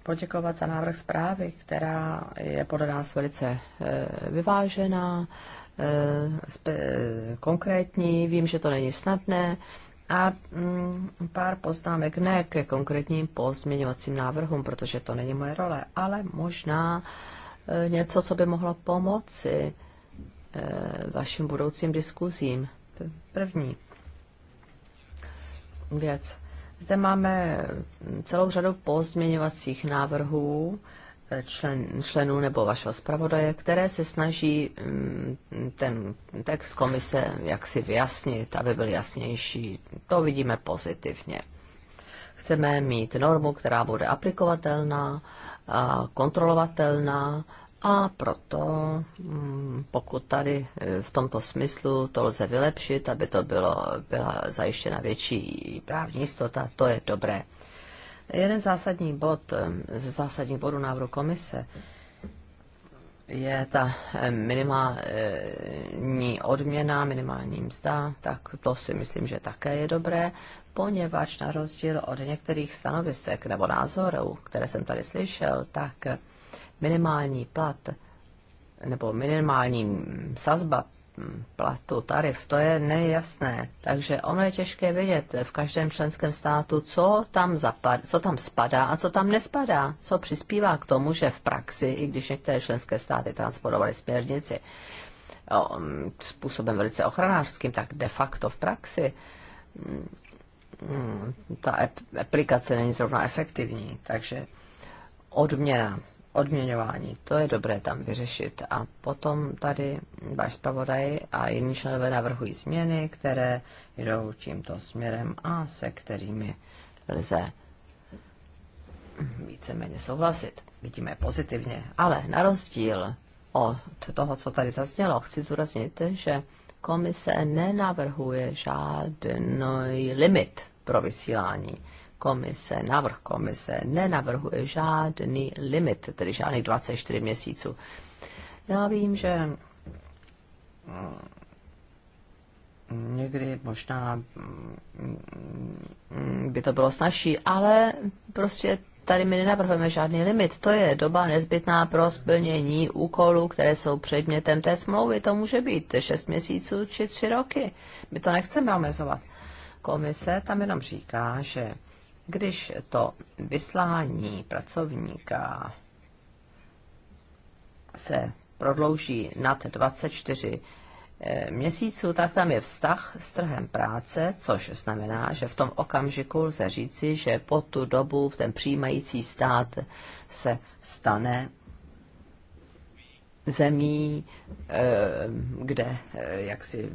poděkovat za návrh zprávy, která je podle nás velice eh, vyvážená, eh, konkrétní, vím, že to není snadné, a mm, pár poznámek ne ke konkrétním pozměňovacím návrhům, protože to není moje role, ale možná něco, co by mohlo pomoci Eh, vašim budoucím diskuzím. První věc. Zde máme celou řadu pozměňovacích návrhů eh, člen, členů nebo vašeho zpravodaje, které se snaží mm, ten text komise jaksi vyjasnit, aby byl jasnější. To vidíme pozitivně. Chceme mít normu, která bude aplikovatelná, kontrolovatelná a proto, mm, pokud tady e, v tomto smyslu to lze vylepšit, aby to bylo, byla zajištěna větší právní jistota, to je dobré. Jeden zásadní bod ze zásadních bodů návrhu komise je ta e, minimální odměna, minimální mzda, tak to si myslím, že také je dobré, poněvadž na rozdíl od některých stanovisek nebo názorů, které jsem tady slyšel, tak minimální plat nebo minimální sazba platu, tarif, to je nejasné. Takže ono je těžké vědět v každém členském státu, co tam, zapad, co tam spadá a co tam nespadá, co přispívá k tomu, že v praxi, i když některé členské státy transportovaly směrnici o, způsobem velice ochranářským, tak de facto v praxi mm, ta aplikace není zrovna efektivní. Takže odměna odměňování. To je dobré tam vyřešit. A potom tady váš zpravodaj a jiní členové navrhují změny, které jdou tímto směrem a se kterými lze víceméně souhlasit. Vidíme pozitivně. Ale na rozdíl od toho, co tady zaznělo, chci zúraznit, že komise nenavrhuje žádný limit pro vysílání komise, návrh komise nenavrhuje žádný limit, tedy žádných 24 měsíců. Já vím, že mm, někdy možná mm, by to bylo snažší, ale prostě tady my nenavrhujeme žádný limit. To je doba nezbytná pro splnění úkolů, které jsou předmětem té smlouvy. To může být 6 měsíců či 3 roky. My to nechceme omezovat. Komise tam jenom říká, že když to vyslání pracovníka se prodlouží nad 24 eh, měsíců, tak tam je vztah s trhem práce, což znamená, že v tom okamžiku lze říci, že po tu dobu ten přijímající stát se stane zemí, eh, kde eh, jaksi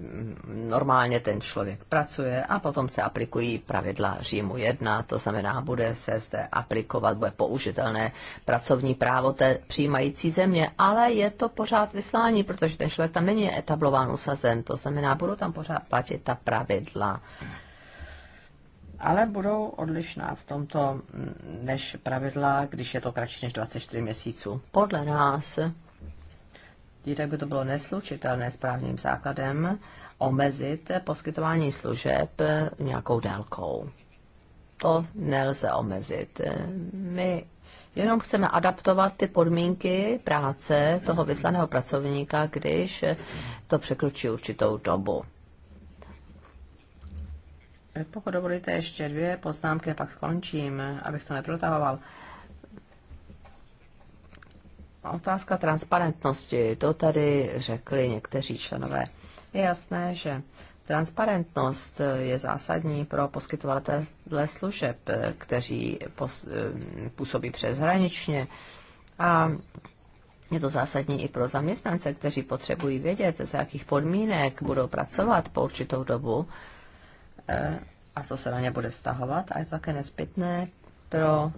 normálně ten člověk pracuje a potom se aplikují pravidla Římu 1, to znamená, bude se zde aplikovat, bude použitelné pracovní právo té přijímající země, ale je to pořád vyslání, protože ten člověk tam není etablován, usazen, to znamená, budou tam pořád platit ta pravidla ale budou odlišná v tomto mm, než pravidla, když je to kratší než 24 měsíců. Podle nás jinak by to bylo neslučitelné s právním základem, omezit poskytování služeb nějakou délkou. To nelze omezit. My jenom chceme adaptovat ty podmínky práce toho vyslaného pracovníka, když to překročí určitou dobu. Pokud dovolíte ještě dvě poznámky, pak skončím, abych to neprotahoval. Otázka transparentnosti, to tady řekli někteří členové. Je jasné, že transparentnost je zásadní pro poskytovatele služeb, kteří eh, působí přeshraničně a je to zásadní i pro zaměstnance, kteří potřebují vědět, za jakých podmínek budou pracovat po určitou dobu eh, a co se na ně bude vztahovat. A je to také nezbytné pro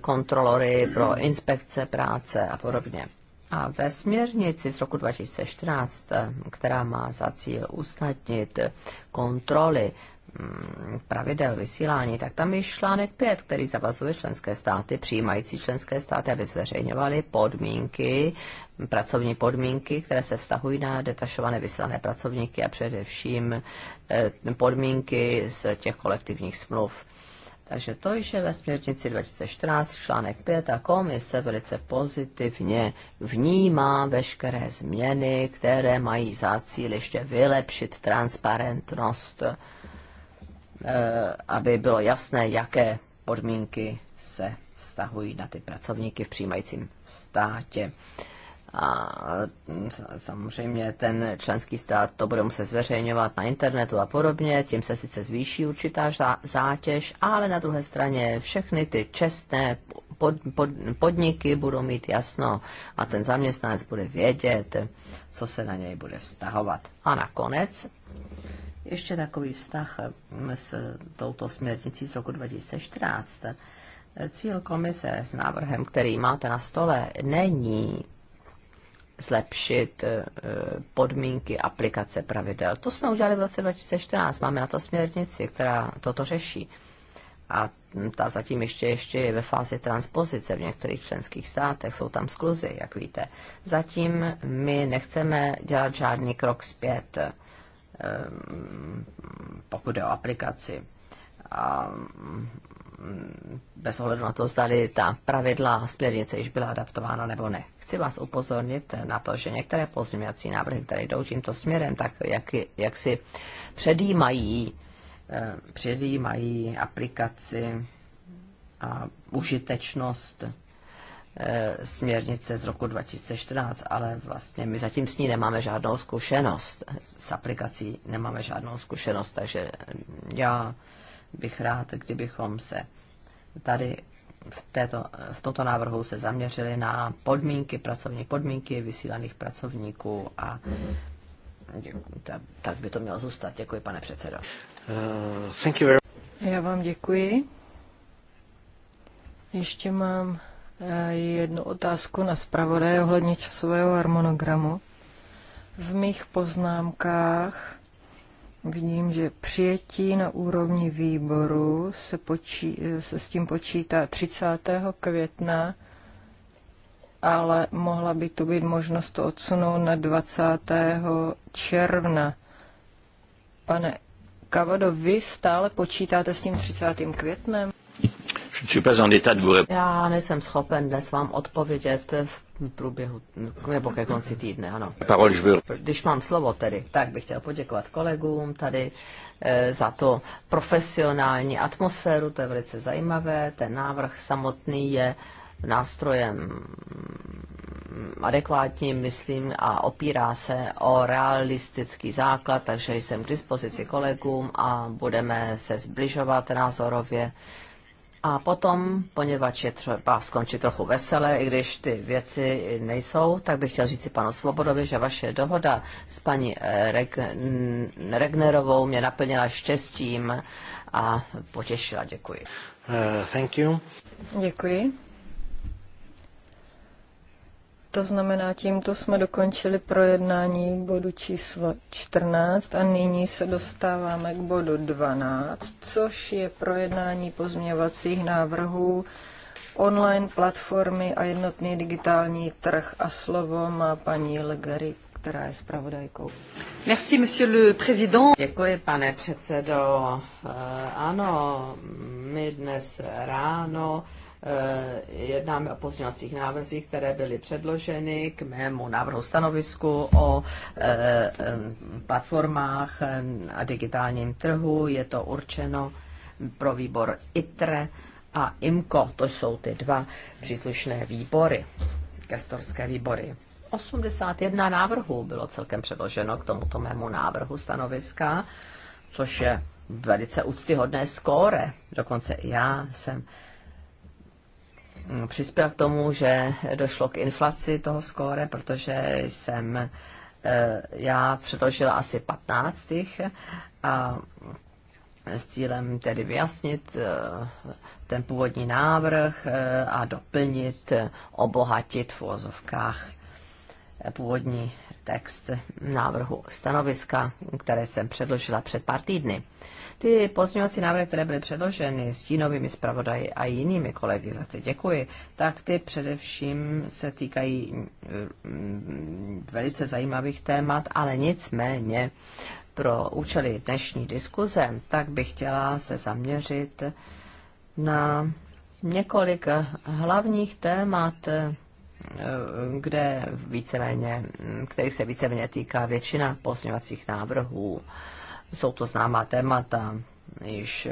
kontrolory pro inspekce práce a podobně. A ve směrnici z roku 2014, která má za cíl usnadnit kontroly mm, pravidel vysílání, tak tam je článek 5, který zavazuje členské státy, přijímající členské státy, aby zveřejňovaly podmínky, pracovní podmínky, které se vztahují na detašované vysílané pracovníky a především eh, podmínky z těch kolektivních smluv. Takže to je ve směrnici 2014 článek 5 a komise velice pozitivně vnímá veškeré změny, které mají za cíl ještě vylepšit transparentnost, eh, aby bylo jasné, jaké podmínky se vztahují na ty pracovníky v přijímajícím státě a mm, samozřejmě ten členský stát to bude muset zveřejňovat na internetu a podobně, tím se sice zvýší určitá zátěž, ale na druhé straně všechny ty čestné pod, pod, podniky budou mít jasno a ten zaměstnanec bude vědět, co se na něj bude vztahovat. A nakonec ještě takový vztah mm, s touto směrnicí z roku 2014. Cíl komise s návrhem, který máte na stole, není zlepšit eh, eh, podmínky aplikace pravidel. To jsme udělali v roce 2014, máme na to směrnici, která toto řeší. A ta zatím ještě, ještě je ve fázi transpozice v některých členských státech, jsou tam skluzy, jak víte. Zatím my nechceme dělat žádný krok zpět, eh, mm, pokud jde o aplikaci. A mm, bez ohledu na to, zdali ta pravidla směrnice již byla adaptována nebo ne. Chci vás upozornit na to, že některé pozměňovací návrhy, které jdou tímto směrem, tak jak, jak si předjímají, eh, předjímají aplikaci a užitečnost eh, směrnice z roku 2014, ale vlastně my zatím s ní nemáme žádnou zkušenost. S aplikací nemáme žádnou zkušenost, takže já bych rád, kdybychom se tady v, této, v tomto návrhu se zaměřili na podmínky, pracovní podmínky vysílaných pracovníků a tak, tak by to mělo zůstat. Děkuji, pane předsedo. Uh, thank you very... Já vám děkuji. Ještě mám eh, jednu otázku na zpravodaje ohledně časového harmonogramu. V mých poznámkách Vidím, že přijetí na úrovni výboru se, počí, se s tím počítá 30. května, ale mohla by tu být možnost to odsunout na 20. června. Pane Kavado, vy stále počítáte s tím 30. květnem? Já nejsem schopen dnes vám odpovědět v průběhu nebo ke konci týdne, ano. Když mám slovo tedy, tak bych chtěl poděkovat kolegům tady e, za to profesionální atmosféru, to je velice zajímavé. Ten návrh samotný je nástrojem adekvátním, myslím, a opírá se o realistický základ, takže jsem k dispozici kolegům a budeme se zbližovat názorově a potom, poněvadž je třeba skončit trochu veselé, i když ty věci nejsou, tak bych chtěl říct si panu Svobodovi, že vaše dohoda s paní eh, Regnerovou mě naplnila štěstím a potěšila. Děkuji. Uh, thank you. Děkuji. To znamená, tímto jsme dokončili projednání bodu číslo 14 a nyní se dostáváme k bodu 12, což je projednání pozměňovacích návrhů online platformy a jednotný digitální trh. A slovo má paní Legary, která je zpravodajkou. Merci, monsieur le président. Děkuji, pane předsedo. Eh, ano, my dnes ráno Eh, jednáme o pozměňovacích návrzích, které byly předloženy k mému návrhu stanovisku o eh, platformách eh, a digitálním trhu. Je to určeno pro výbor ITRE a IMCO. To jsou ty dva příslušné výbory, gestorské výbory. 81 návrhů bylo celkem předloženo k tomuto mému návrhu stanoviska, což je velice úctyhodné skóre. Dokonce já jsem Mm, přispěl k tomu, že došlo k inflaci toho skóre, protože jsem e, já předložila asi 15 a s cílem tedy vyjasnit e, ten původní návrh e, a doplnit, obohatit v uvozovkách původní text návrhu stanoviska, které jsem předložila před pár týdny. Ty pozměňovací návrhy, které byly předloženy stínovými zpravodaji a jinými kolegy, za to děkuji, tak ty především se týkají mm, velice zajímavých témat, ale nicméně pro účely dnešní diskuze, tak bych chtěla se zaměřit na několik hlavních témat, kde víceméně, kterých se víceméně týká většina pozměňovacích návrhů. Jsou to známá témata, již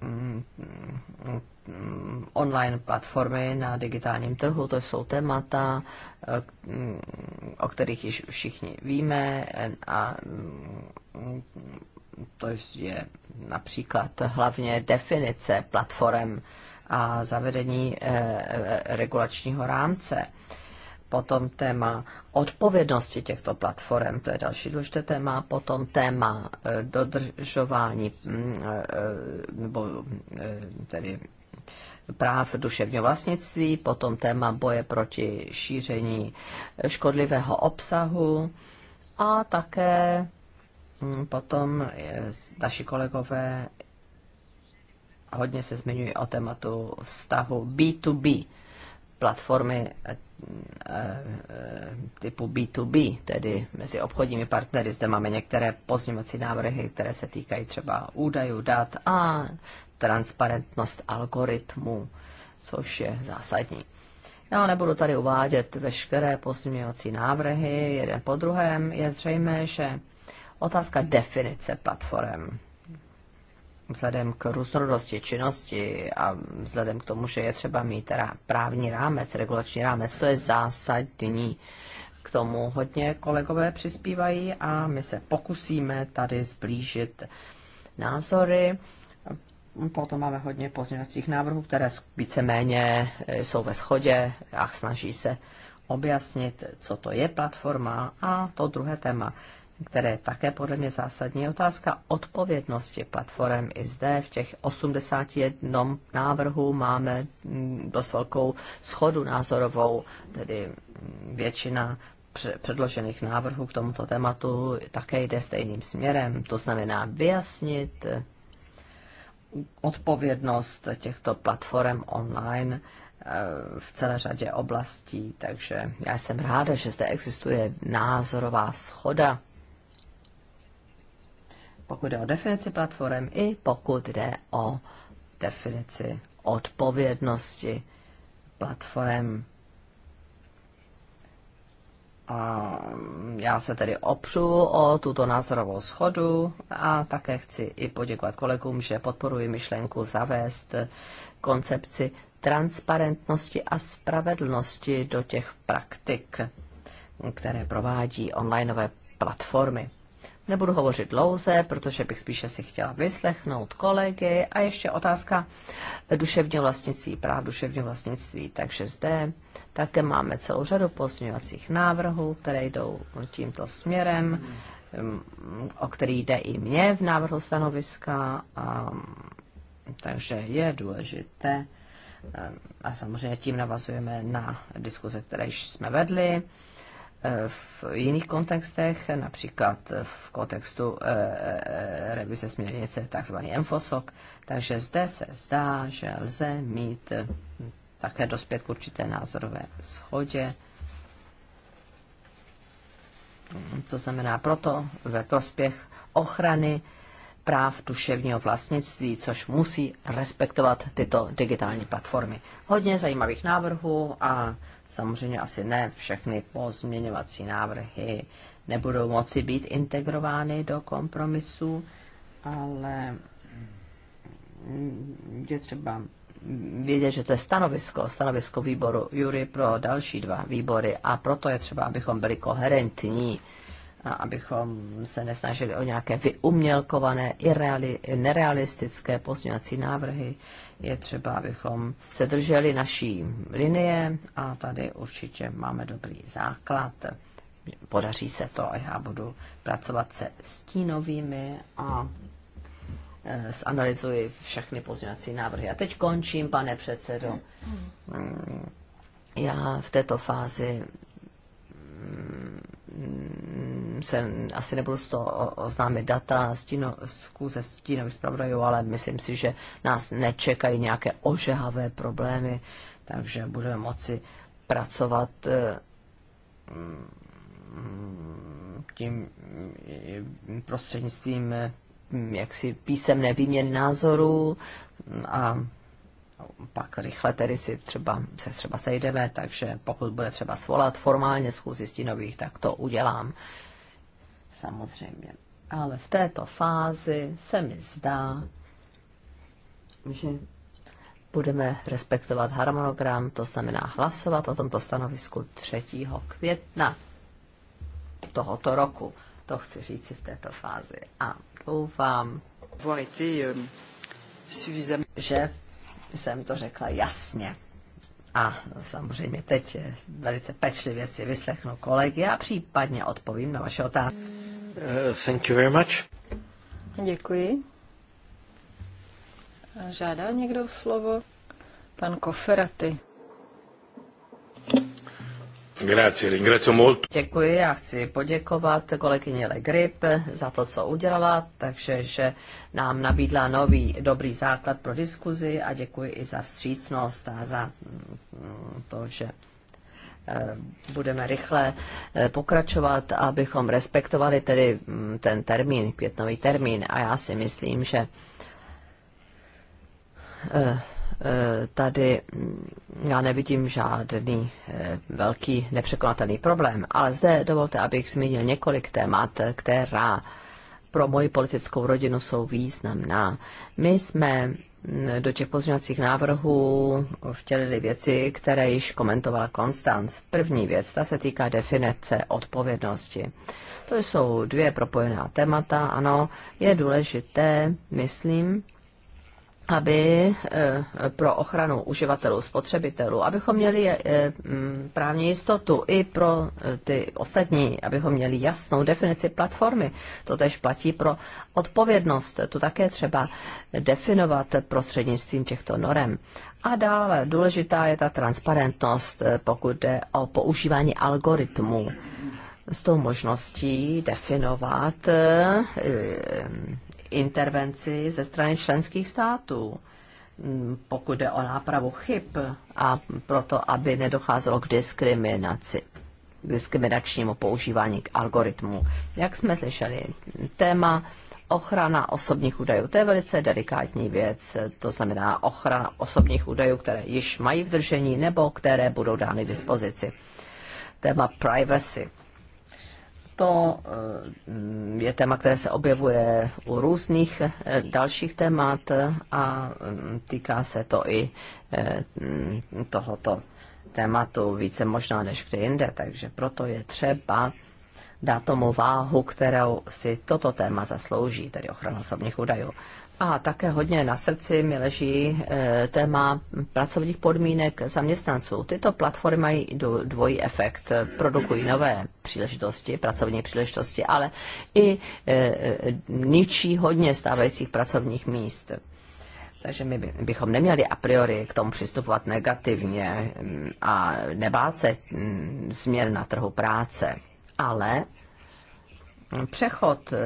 mm, online platformy na digitálním trhu, to jsou témata, o kterých již všichni víme a mm, to je například hlavně definice platform a zavedení eh, eh, regulačního rámce. Potom téma odpovědnosti těchto platform, to je další důležité téma. Potom téma eh, dodržování mm, nebo tedy práv duševního vlastnictví, potom téma boje proti šíření škodlivého obsahu a také mm, potom naši kolegové hodně se zmiňuji o tématu vztahu B2B, platformy eh, eh, typu B2B, tedy mezi obchodními partnery. Zde máme některé pozněmocí návrhy, které se týkají třeba údajů, dat a transparentnost algoritmu, což je zásadní. Já nebudu tady uvádět veškeré pozměňovací návrhy jeden po druhém. Je zřejmé, že otázka definice platform vzhledem k různorodosti činnosti a vzhledem k tomu, že je třeba mít právní rámec, regulační rámec, to je zásadní. K tomu hodně kolegové přispívají a my se pokusíme tady zblížit názory. Potom máme hodně pozměňovacích návrhů, které víceméně eh, jsou ve schodě a snaží se objasnit, co to je platforma a to druhé téma které je také podle mě zásadní otázka odpovědnosti platform. I zde v těch 81 návrhu máme mm, dost velkou schodu názorovou, tedy mm, většina předložených návrhů k tomuto tématu také jde stejným směrem. To znamená vyjasnit eh, odpovědnost těchto platform online eh, v celé řadě oblastí. Takže já jsem ráda, že zde existuje názorová schoda pokud jde o definici platform i pokud jde o definici odpovědnosti platform. A já se tedy opřu o tuto názorovou schodu a také chci i poděkovat kolegům, že podporuji myšlenku zavést koncepci transparentnosti a spravedlnosti do těch praktik, které provádí onlineové platformy. Nebudu hovořit dlouze, protože bych spíše si chtěla vyslechnout kolegy. A ještě otázka duševního vlastnictví, práv duševního vlastnictví. Takže zde také máme celou řadu pozměňovacích návrhů, které jdou tímto směrem, mm, o který jde i mě v návrhu stanoviska. A, takže je důležité a samozřejmě tím navazujeme na diskuze, které již jsme vedli v jiných kontextech, například v kontextu eh, eh, revize směrnice tzv. MFOSOK. Takže zde se zdá, že lze mít hm, také dospět k určité názorové schodě. Hm, to znamená proto ve prospěch ochrany práv duševního vlastnictví, což musí respektovat tyto digitální platformy. Hodně zajímavých návrhů a Samozřejmě asi ne všechny pozměňovací návrhy nebudou moci být integrovány do kompromisu, ale je třeba vědět, že to je stanovisko, stanovisko výboru Jury pro další dva výbory a proto je třeba, abychom byli koherentní a abychom se nesnažili o nějaké vyumělkované, irreali, nerealistické pozměňovací návrhy. Je třeba, abychom se drželi naší linie a tady určitě máme dobrý základ. Podaří se to a já budu pracovat se stínovými a e, zanalizuji všechny pozměňovací návrhy. A teď končím, pane předsedo. Hmm. Hmm. Já v této fázi Mm, se asi nebudu z toho oznámit data stíno, zkůze stínových zpravodajů, ale myslím si, že nás nečekají nějaké ožehavé problémy, takže budeme moci pracovat eh, mm, tím eh, prostřednictvím eh, jaksi písemné výměny názorů mm, a pak rychle tedy si třeba, se třeba sejdeme, takže pokud bude třeba svolat formálně schůzi stínových, tak to udělám. Samozřejmě. Ale v této fázi se mi zdá, že budeme respektovat harmonogram, to znamená hlasovat o tomto stanovisku 3. května tohoto roku. To chci říci v této fázi. A doufám, euh, že jsem to řekla jasně. A samozřejmě teď velice pečlivě si vyslechnu kolegy a případně odpovím na vaše otázky. Uh, thank you very much. Děkuji. Žádá někdo slovo? Pan Koferaty. Děkuji, já chci poděkovat kolegyně Le Grip za to, co udělala, takže že nám nabídla nový dobrý základ pro diskuzi a děkuji i za vstřícnost a za mm, to, že eh, budeme rychle eh, pokračovat, abychom respektovali tedy mm, ten termín, květnový termín a já si myslím, že eh, Eh, tady mm, já nevidím žádný eh, velký nepřekonatelný problém, ale zde dovolte, abych zmínil několik témat, která pro moji politickou rodinu jsou významná. My jsme mm, do těch pozměňovacích návrhů vtělili věci, které již komentovala Konstanc. První věc, ta se týká definice odpovědnosti. To jsou dvě propojená témata, ano, je důležité, myslím, aby eh, pro ochranu uživatelů, spotřebitelů, abychom měli eh, mm, právní jistotu i pro eh, ty ostatní, abychom měli jasnou definici platformy. To tež platí pro odpovědnost. Tu také třeba definovat prostřednictvím těchto norem. A dále důležitá je ta transparentnost, pokud jde o používání algoritmů s tou možností definovat intervenci ze strany členských států, mm, pokud jde o nápravu chyb a proto, aby nedocházelo k diskriminaci k diskriminačnímu používání k algoritmu. Jak jsme slyšeli, téma ochrana osobních údajů, to je velice delikátní věc, to znamená ochrana osobních údajů, které již mají v držení nebo které budou dány dispozici. Téma privacy, to eh, je téma, které se objevuje u různých eh, dalších témat eh, a mm, týká se to i tohoto tématu více možná než kdy jinde, takže proto je třeba dá tomu váhu, kterou si toto téma zaslouží, tedy ochrana osobních údajů. A také hodně na srdci mi leží e, téma pracovních podmínek zaměstnanců. Tyto platformy mají dvojí efekt. Produkují nové příležitosti, pracovní příležitosti, ale i e, ničí hodně stávajících pracovních míst. Takže my bychom neměli a priori k tomu přistupovat negativně mm, a nebát se změn mm, na trhu práce ale přechod eh,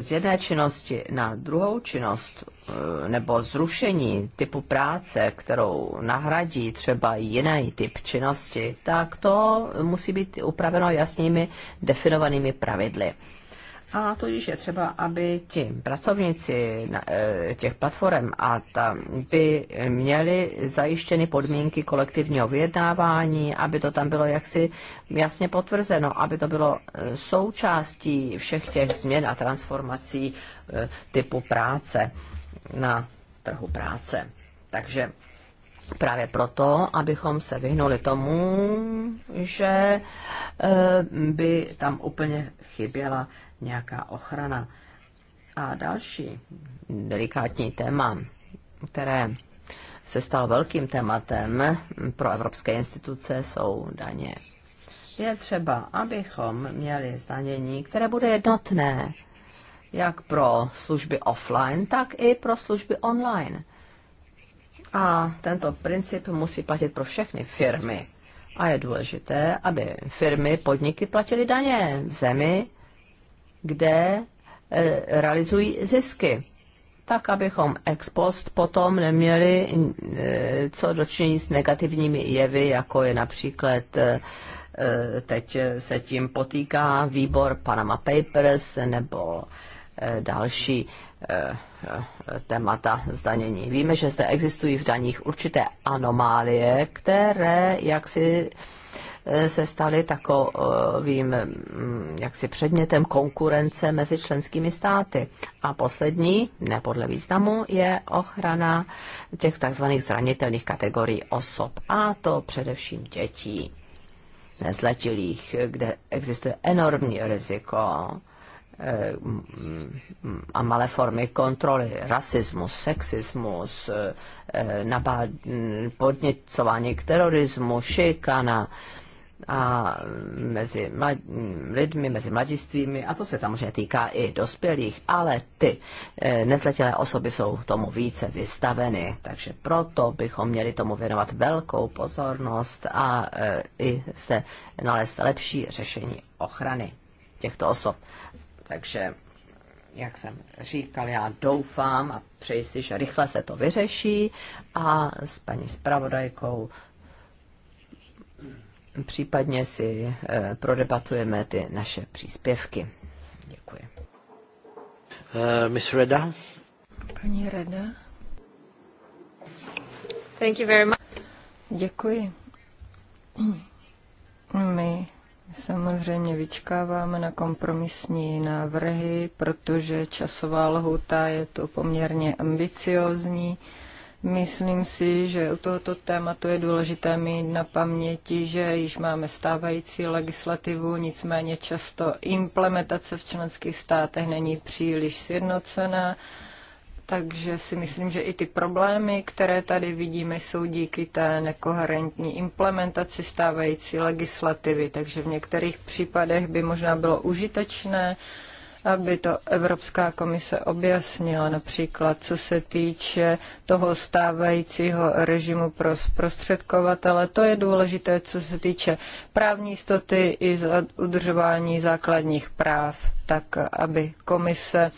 z jedné činnosti na druhou činnost eh, nebo zrušení typu práce, kterou nahradí třeba jiný typ činnosti, tak to musí být upraveno jasnými definovanými pravidly. A tudíž je třeba, aby ti pracovníci e, těch platform a tam by měli zajištěny podmínky kolektivního vyjednávání, aby to tam bylo jaksi jasně potvrzeno, aby to bylo e, součástí všech těch změn a transformací e, typu práce na trhu práce. Takže Právě proto, abychom se vyhnuli tomu, že by tam úplně chyběla nějaká ochrana. A další delikátní téma, které se stalo velkým tématem pro evropské instituce, jsou daně. Je třeba, abychom měli zdanění, které bude jednotné, jak pro služby offline, tak i pro služby online. A tento princip musí platit pro všechny firmy. A je důležité, aby firmy, podniky platily daně v zemi, kde eh, realizují zisky. Tak, abychom ex post potom neměli eh, co dočinit s negativními jevy, jako je například eh, teď se tím potýká výbor Panama Papers nebo další témata zdanění. Víme, že zde existují v daních určité anomálie, které jaksi se staly takovým mm, jaksi předmětem konkurence mezi členskými státy. A poslední, ne podle významu, je ochrana těch tzv. zranitelných kategorií osob, a to především dětí nezletilých, kde existuje enormní riziko eh, mm, a malé formy kontroly, rasismus, sexismus, eh, eh, podněcování k terorismu, šikana, a mezi mlad, lidmi, mezi mladistvými, a to se samozřejmě týká i dospělých, ale ty eh, nezletilé osoby jsou tomu více vystaveny, takže proto bychom měli tomu věnovat velkou pozornost a eh, i se nalézt lepší řešení ochrany těchto osob. Takže jak jsem říkal, já doufám a přeji si, že rychle se to vyřeší a s paní zpravodajkou případně si eh, prodebatujeme ty naše příspěvky. Děkuji. Uh, Miss Reda? Paní Reda? Thank you very much. Děkuji. My samozřejmě vyčkáváme na kompromisní návrhy, protože časová lhuta je to poměrně ambiciozní. Myslím si, že u tohoto tématu je důležité mít na paměti, že již máme stávající legislativu, nicméně často implementace v členských státech není příliš sjednocená. Takže si myslím, že i ty problémy, které tady vidíme, jsou díky té nekoherentní implementaci stávající legislativy. Takže v některých případech by možná bylo užitečné uh, aby to Evropská komise objasnila, například co se týče toho stávajícího režimu pro zprostředkovatele. To je důležité, co se týče právní jistoty i udržování základních práv, tak aby komise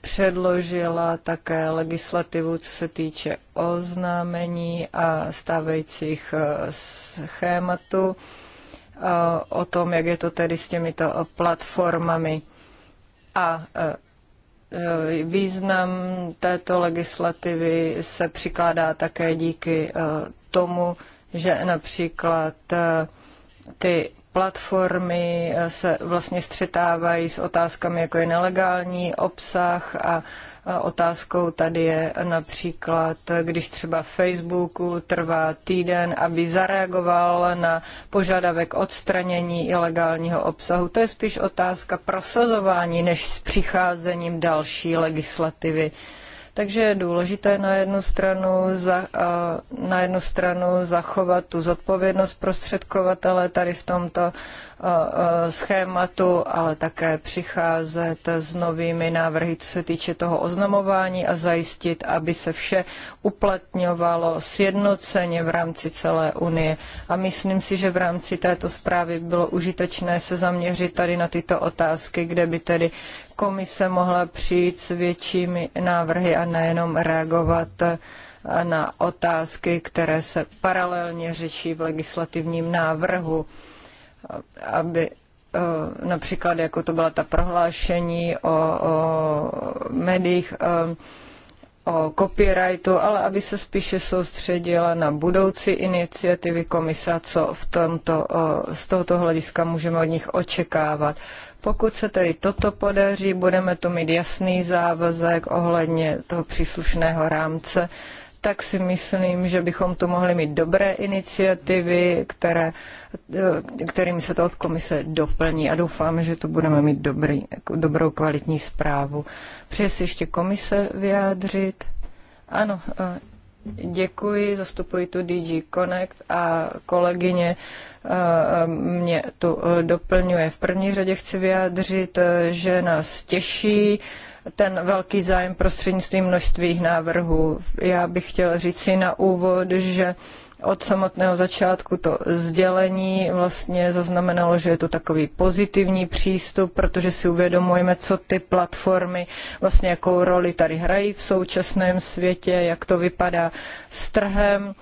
předložila také legislativu, co se týče oznámení a stávajících eh, schématů eh, o tom, jak je to tedy s těmito platformami. A e, e, význam této legislativy se přikládá také díky e, tomu, že například ty platformy se vlastně střetávají s otázkami, jako je nelegální obsah a Otázkou tady je například, když třeba Facebooku trvá týden, aby zareagoval na požadavek odstranění ilegálního obsahu. To je spíš otázka prosazování než s přicházením další legislativy. Takže je důležité na jednu stranu, za, na jednu stranu zachovat tu zodpovědnost prostředkovatele tady v tomto schématu, ale také přicházet s novými návrhy, co se týče toho oznamování a zajistit, aby se vše uplatňovalo sjednoceně v rámci celé Unie. A myslím si, že v rámci této zprávy bylo užitečné se zaměřit tady na tyto otázky, kde by tedy komise mohla přijít s většími návrhy a nejenom reagovat na otázky, které se paralelně řeší v legislativním návrhu, aby eh, například jako to byla ta prohlášení o, o médiích, eh, o copyrightu, ale aby se spíše soustředila na budoucí iniciativy komisa, co v tomto, eh, z tohoto hlediska můžeme od nich očekávat. Pokud se tedy toto podaří, budeme to mít jasný závazek ohledně toho příslušného rámce, tak si myslím, že bychom tu mohli mít dobré iniciativy, které, eh, kterými se to od komise doplní a doufám, že tu budeme mít dobrý, jako dobrou kvalitní zprávu. Přeje si ještě komise vyjádřit? Ano, eh, Děkuji, zastupuji tu DG Connect a kolegyně eh, eh, mě tu eh, doplňuje. V první řadě chci vyjádřit, že nás těší ten velký zájem prostřednictvím množství návrhů. Já bych chtěl říct si na úvod, že od samotného začátku to sdělení vlastně zaznamenalo, že je to takový pozitivní přístup, protože si uvědomujeme, co ty platformy, vlastně jakou roli tady hrají v současném světě, jak to vypadá s trhem,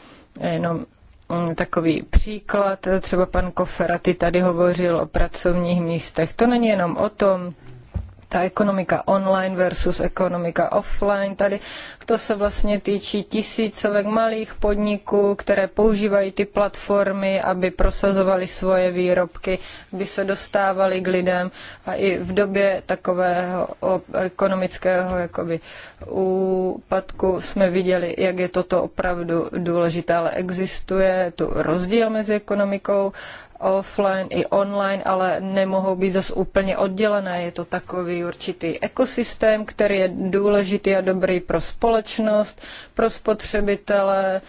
jenom mm, takový příklad, třeba pan Koferaty tady hovořil o pracovních místech. To není jenom o tom, ta ekonomika online versus ekonomika offline. Tady to se vlastně týčí tisícovek malých podniků, které používají ty platformy, aby prosazovali svoje výrobky, aby se dostávali k lidem a i v době takového ekonomického jakoby, úpadku jsme viděli, jak je toto opravdu důležité, ale existuje tu rozdíl mezi ekonomikou offline i online, ale nemohou být zase úplně oddělené. Je to takový určitý ekosystém, který je důležitý a dobrý pro společnost, pro spotřebitele,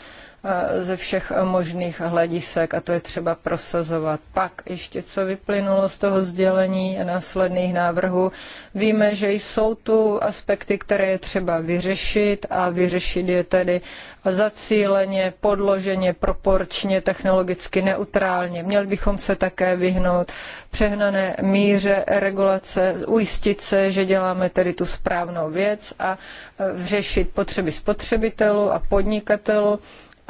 Eh, ze všech možných hledisek a to je třeba prosazovat. Pak ještě co vyplynulo z toho sdělení a následných návrhů, víme, že jsou tu aspekty, které je třeba vyřešit a vyřešit je tedy zacíleně, podloženě, proporčně, technologicky neutrálně. Měli bychom se také vyhnout přehnané míře regulace, ujistit se, že děláme tedy tu správnou věc a eh, řešit potřeby spotřebitelů a podnikatelů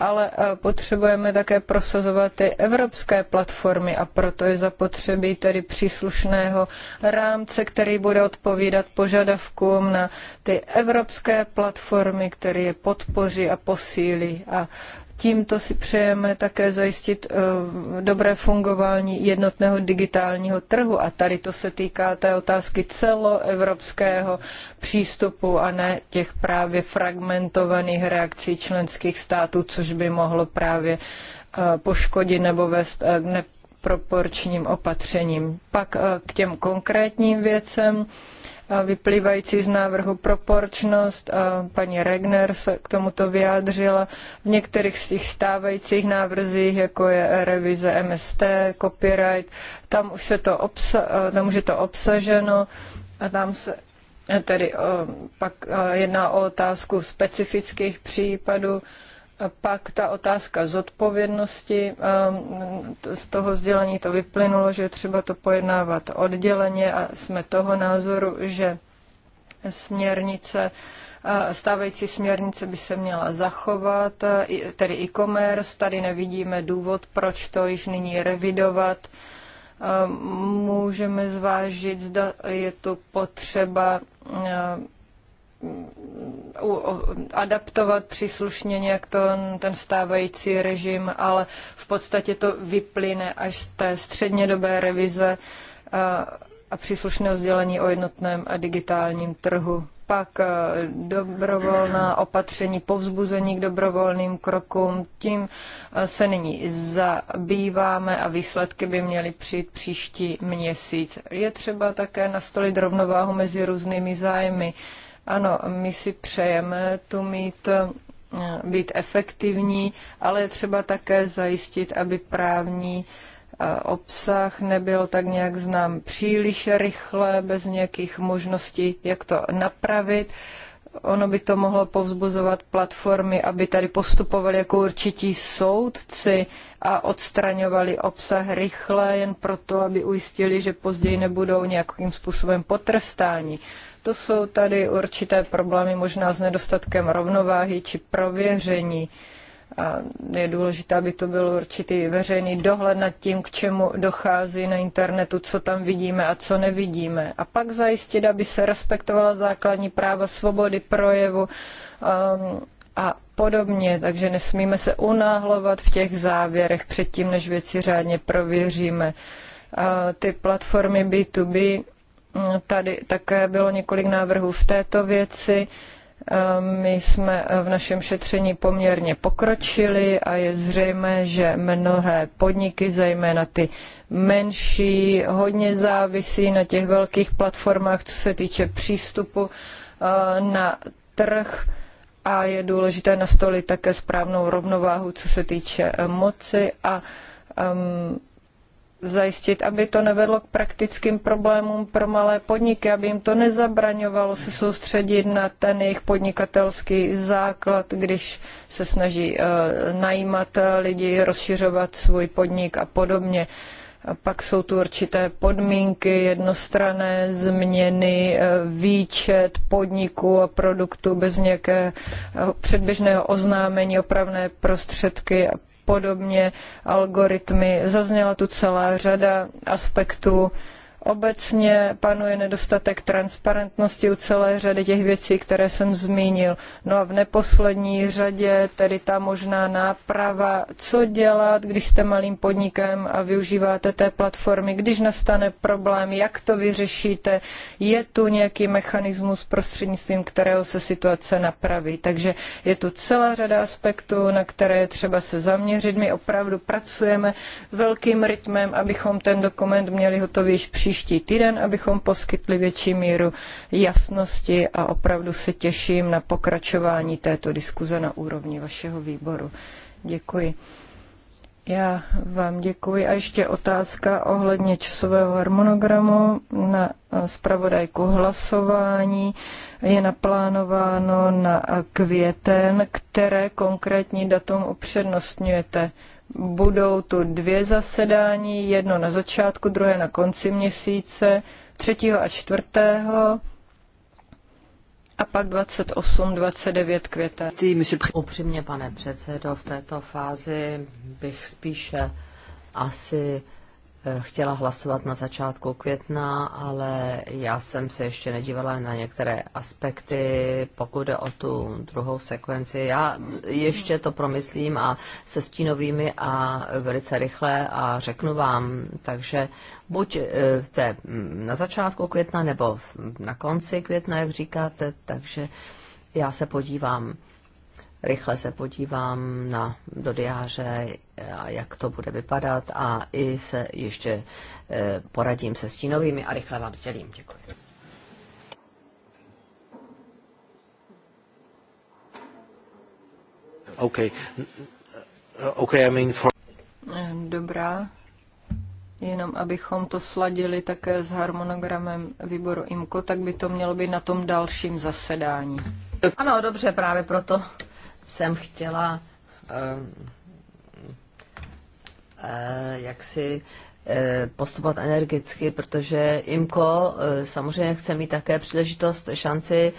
ale eh, potřebujeme také prosazovat ty evropské platformy a proto je zapotřebí tedy příslušného rámce, který bude odpovídat požadavkům na ty evropské platformy, které je podpoří a posílí. A Tímto si přejeme také zajistit eh, dobré fungování jednotného digitálního trhu a tady to se týká té otázky celoevropského přístupu a ne těch právě fragmentovaných reakcí členských států, což by mohlo právě eh, poškodit nebo vést eh, k neproporčním opatřením. Pak k těm konkrétním věcem vyplývající z návrhu proporčnost. A paní Regner se k tomuto vyjádřila. V některých z těch stávajících návrzích, jako je revize MST, copyright, tam už, se to obsa- eh, tam už je to obsaženo a tam se tedy eh, pak eh, jedná o otázku specifických případů pak ta otázka zodpovědnosti, ehm, z toho sdělení to vyplynulo, že třeba to pojednávat odděleně a jsme toho názoru, že směrnice Stávající směrnice by se měla zachovat, tedy e-commerce. Tady nevidíme důvod, proč to již nyní revidovat. Ehm, můžeme zvážit, zda je tu potřeba ehm, adaptovat příslušně nějak to, ten stávající režim, ale v podstatě to vyplyne až z té střednědobé revize a, a příslušného sdělení o jednotném a digitálním trhu. Pak dobrovolná opatření, povzbuzení k dobrovolným krokům, tím se nyní zabýváme a výsledky by měly přijít příští měsíc. Je třeba také nastolit rovnováhu mezi různými zájmy. Ano, my si přejeme tu mít eh, být efektivní, ale je třeba také zajistit, aby právní eh, obsah nebyl tak nějak znám příliš rychle, bez nějakých možností, jak to napravit. Ono by to mohlo povzbuzovat platformy, aby tady postupovali jako určití soudci a odstraňovali obsah rychle, jen proto, aby ujistili, že později nebudou nějakým způsobem potrestáni. To jsou tady určité problémy možná s nedostatkem rovnováhy či prověření. A je důležité, aby to byl určitý veřejný dohled nad tím, k čemu dochází na internetu, co tam vidíme a co nevidíme. A pak zajistit, aby se respektovala základní práva svobody projevu um, a podobně. Takže nesmíme se unáhlovat v těch závěrech předtím, než věci řádně prověříme. Uh, ty platformy B2B Tady také bylo několik návrhů v této věci. Ehm, my jsme v našem šetření poměrně pokročili a je zřejmé, že mnohé podniky, zejména ty menší, hodně závisí na těch velkých platformách, co se týče přístupu eh, na trh a je důležité nastolit také správnou rovnováhu, co se týče eh, moci a um, zajistit, aby to nevedlo k praktickým problémům pro malé podniky, aby jim to nezabraňovalo se soustředit na ten jejich podnikatelský základ, když se snaží eh, najímat lidi, rozšiřovat svůj podnik a podobně. A pak jsou tu určité podmínky, jednostrané změny, eh, výčet podniků a produktů bez nějakého předběžného oznámení, opravné prostředky a podobně, algoritmy. Zazněla tu celá řada aspektů Obecně panuje nedostatek transparentnosti u celé řady těch věcí, které jsem zmínil. No a v neposlední řadě tedy ta možná náprava, co dělat, když jste malým podnikem a využíváte té platformy, když nastane problém, jak to vyřešíte, je tu nějaký mechanismus prostřednictvím kterého se situace napraví. Takže je tu celá řada aspektů, na které je třeba se zaměřit. My opravdu pracujeme velkým rytmem, abychom ten dokument měli hotový již příští příští týden, abychom poskytli větší míru jasnosti a opravdu se těším na pokračování této diskuze na úrovni vašeho výboru. Děkuji. Já vám děkuji. A ještě otázka ohledně časového harmonogramu na zpravodajku hlasování. Je naplánováno na květen, které konkrétní datum upřednostňujete? Budou tu dvě zasedání, jedno na začátku, druhé na konci měsíce, třetího a čtvrtého a pak 28, 29 květa. Upřímně, pane předsedo, v této fázi bych spíše asi Eh, chtěla hlasovat na začátku května, ale já jsem se ještě nedívala na některé aspekty, pokud jde o tu druhou sekvenci. Já ještě to promyslím a se stínovými a velice rychle a řeknu vám, takže buď eh, te, mm, na začátku května nebo na konci května, jak říkáte, takže já se podívám rychle se podívám na, do diáře, eh, jak to bude vypadat a i se ještě eh, poradím se stínovými a rychle vám sdělím. Děkuji. Okay. Okay, I mean for... Eh, dobrá. Jenom abychom to sladili také s harmonogramem výboru IMKO, tak by to mělo být na tom dalším zasedání. Ano, dobře, právě proto jsem chtěla ehm, eh, jak si eh, postupovat energicky, protože IMCO eh, samozřejmě chce mít také příležitost, šanci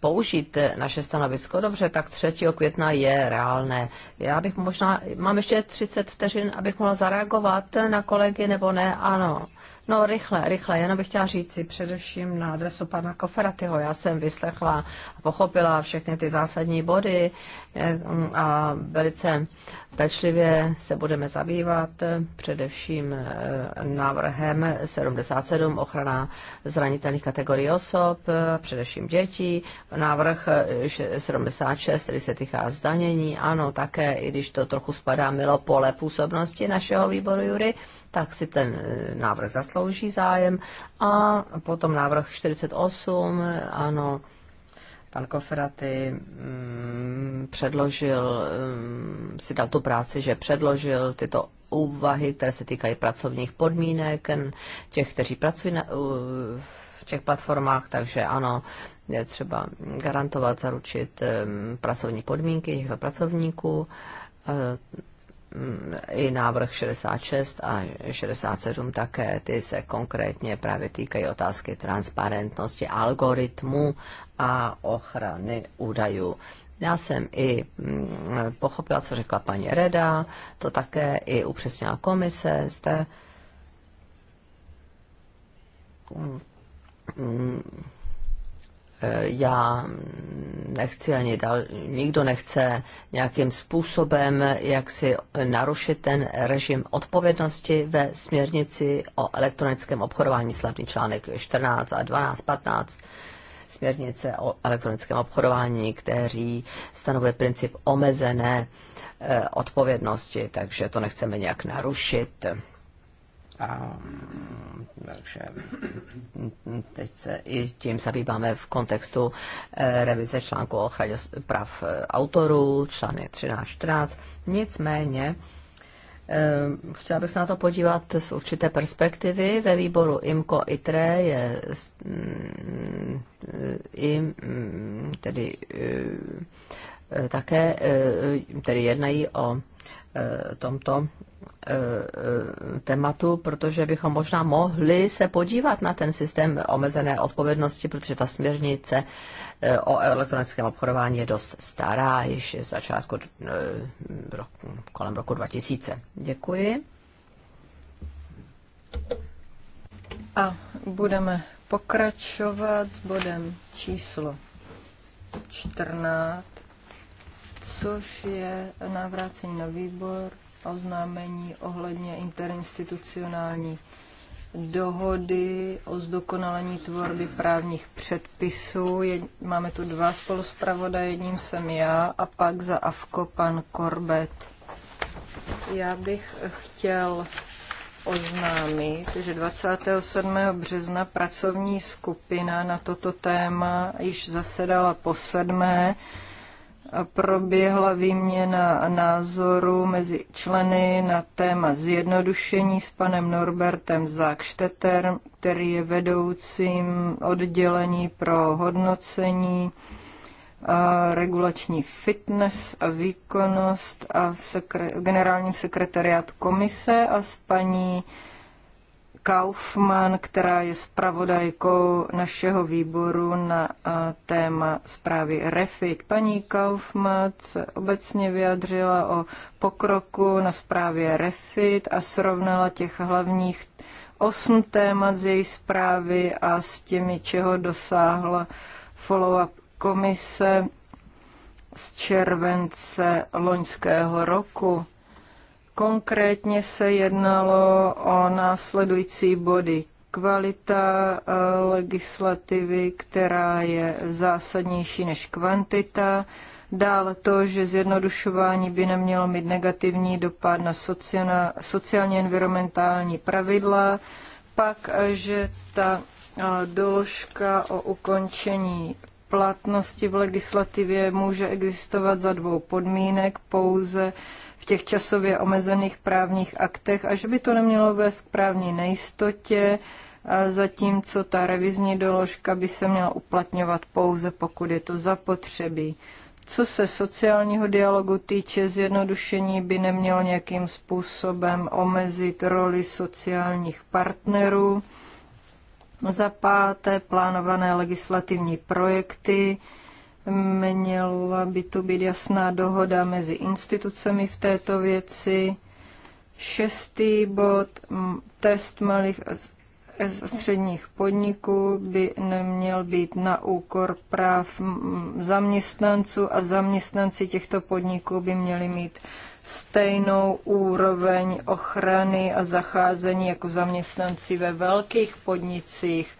použít naše stanovisko. Dobře, tak 3. května je reálné. Já bych možná, mám ještě 30 vteřin, abych mohla zareagovat na kolegy, nebo ne? Ano. No rychle, rychle, jenom bych chtěla říct si především na adresu pana Koferatyho. Já jsem vyslechla a pochopila všechny ty zásadní body eh, a velice Pečlivě se budeme zabývat eh, především eh, návrhem 77 ochrana zranitelných kategorií osob, eh, především dětí, návrh 76, který se týká zdanění, ano, také, i když to trochu spadá milo pole působnosti našeho výboru Jury, tak si ten návrh zaslouží zájem. A potom návrh 48, ano, pan Koferaty mm, předložil, mm, si dal tu práci, že předložil tyto úvahy, které se týkají pracovních podmínek těch, kteří pracují na, v těch platformách, takže ano, je třeba garantovat, zaručit mm, pracovní podmínky těchto pracovníků eh, i návrh 66 a 67 také, ty se konkrétně právě týkají otázky transparentnosti algoritmu a ochrany údajů. Já jsem i mm, pochopila, co řekla paní Reda, to také i upřesnila komise Jste mm, Já nechci ani dal, nikdo nechce nějakým způsobem, jak si narušit ten režim odpovědnosti ve směrnici o elektronickém obchodování, slavný článek 14 a 12, 15 směrnice o elektronickém obchodování, který stanovuje princip omezené eh, odpovědnosti, takže to nechceme nějak narušit. A, takže teď se i tím zabýváme v kontextu eh, revize článku o ochraně práv eh, autorů, článek 13 Nicméně Eh, chtěla bych se na to podívat z určité perspektivy. Ve výboru IMCO ITRE je mm, i mm, tedy eh, Eh, také eh, tedy jednají o eh, tomto tématu, protože bychom možná mohli se podívat na ten systém omezené odpovědnosti, protože ta směrnice o elektronickém obchodování je dost stará, již je začátku roku, kolem roku 2000. Děkuji. A budeme pokračovat s bodem číslo 14 což je navrácení na výbor, oznámení ohledně interinstitucionální dohody o zdokonalení tvorby právních předpisů. Je, máme tu dva spoluspravodaje, jedním jsem já a pak za AVKO pan Korbet. Já bych chtěl oznámit, že 27. března pracovní skupina na toto téma již zasedala po sedmé proběhla výměna názoru mezi členy na téma zjednodušení s panem Norbertem Zákšteterem, který je vedoucím oddělení pro hodnocení regulační fitness a výkonnost a v sekre- generálním sekretariát komise a s paní Kaufmann, která je zpravodajkou našeho výboru na eh, téma zprávy REFIT. Paní Kaufmann se obecně vyjadřila o pokroku na zprávě REFIT a srovnala těch hlavních osm témat z její zprávy a s těmi, čeho dosáhla follow-up komise z července loňského roku. Konkrétně se jednalo o následující body kvalita eh, legislativy, která je zásadnější než kvantita. Dále to, že zjednodušování by nemělo mít negativní dopad na sociálně environmentální pravidla. Pak, eh, že ta eh, doložka o ukončení platnosti v legislativě může existovat za dvou podmínek pouze v těch časově omezených právních aktech a že by to nemělo vést k právní nejistotě, zatímco ta revizní doložka by se měla uplatňovat pouze, pokud je to zapotřebí. Co se sociálního dialogu týče, zjednodušení by nemělo nějakým způsobem omezit roli sociálních partnerů. Za páté plánované legislativní projekty Měla by tu být jasná dohoda mezi institucemi v této věci. Šestý bod, test malých a středních podniků by neměl být na úkor práv zaměstnanců a zaměstnanci těchto podniků by měli mít stejnou úroveň ochrany a zacházení jako zaměstnanci ve velkých podnicích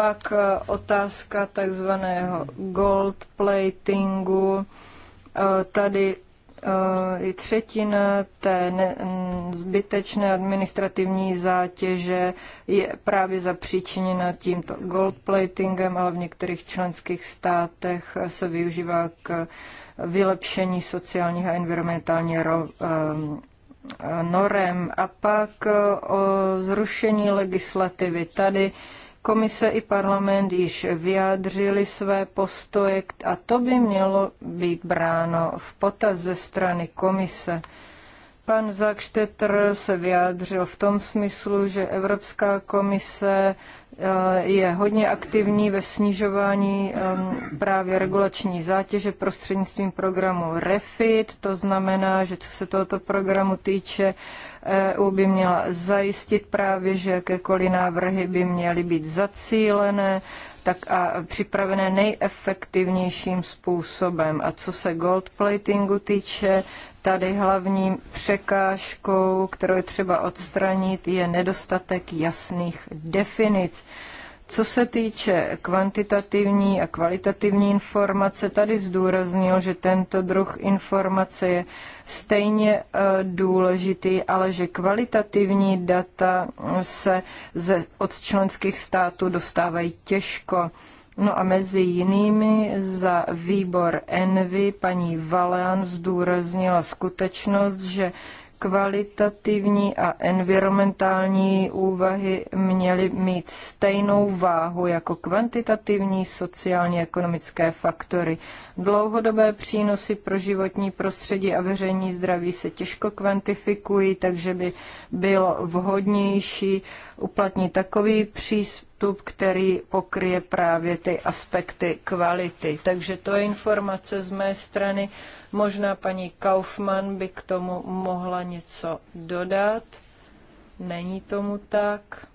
pak eh, otázka takzvaného gold platingu. Eh, tady eh, i třetina té zbytečné administrativní zátěže je právě zapříčiněna tímto goldplatingem, ale v některých členských státech se využívá k vylepšení sociálních a environmentálních norem. A pak o zrušení legislativy. Tady Komise i parlament již vyjádřili své postoje a to by mělo být bráno v potaz ze strany komise. Pan Zakštetr se vyjádřil v tom smyslu, že Evropská komise Eh, je hodně aktivní ve snižování právě regulační zátěže prostřednictvím programu REFIT. To znamená, že co se tohoto programu týče, EU eh, by měla zajistit právě, že jakékoliv návrhy by měly být zacílené, tak a připravené nejefektivnějším způsobem. A co se gold platingu týče, Tady hlavní překážkou, kterou je třeba odstranit, je nedostatek jasných definic. Co se týče kvantitativní a kvalitativní informace, tady zdůraznil, že tento druh informace je stejně eh, důležitý, ale že kvalitativní data se od členských států dostávají těžko. No a mezi jinými za výbor Envy paní Valean zdůraznila skutečnost, že kvalitativní a environmentální úvahy měly mít stejnou váhu jako kvantitativní sociálně ekonomické faktory. Dlouhodobé přínosy pro životní prostředí a veřejní zdraví se těžko kvantifikují, takže by bylo vhodnější uplatnit takový přístup, postup, který pokryje právě ty aspekty kvality. Takže to je informace z mé strany. Možná paní Kaufmann by k tomu mohla něco dodat. Není tomu tak.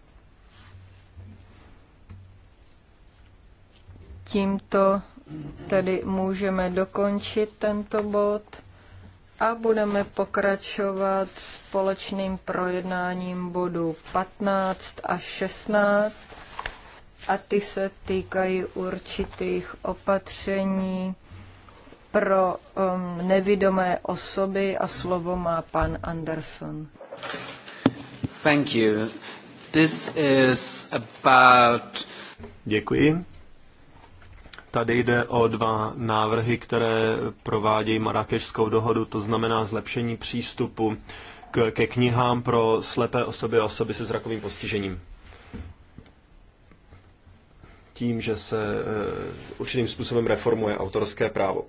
Tímto tedy můžeme dokončit tento bod a budeme pokračovat společným projednáním bodů 15 a 16 a ty se týkají určitých opatření pro um, nevidomé osoby a slovo má pan Anderson. Thank you. This is about... Děkuji. Tady jde o dva návrhy, které provádějí Marrakešskou dohodu, to znamená zlepšení přístupu k, ke knihám pro slepé osoby a osoby se zrakovým postižením tím, že se eh, určitým způsobem reformuje autorské právo.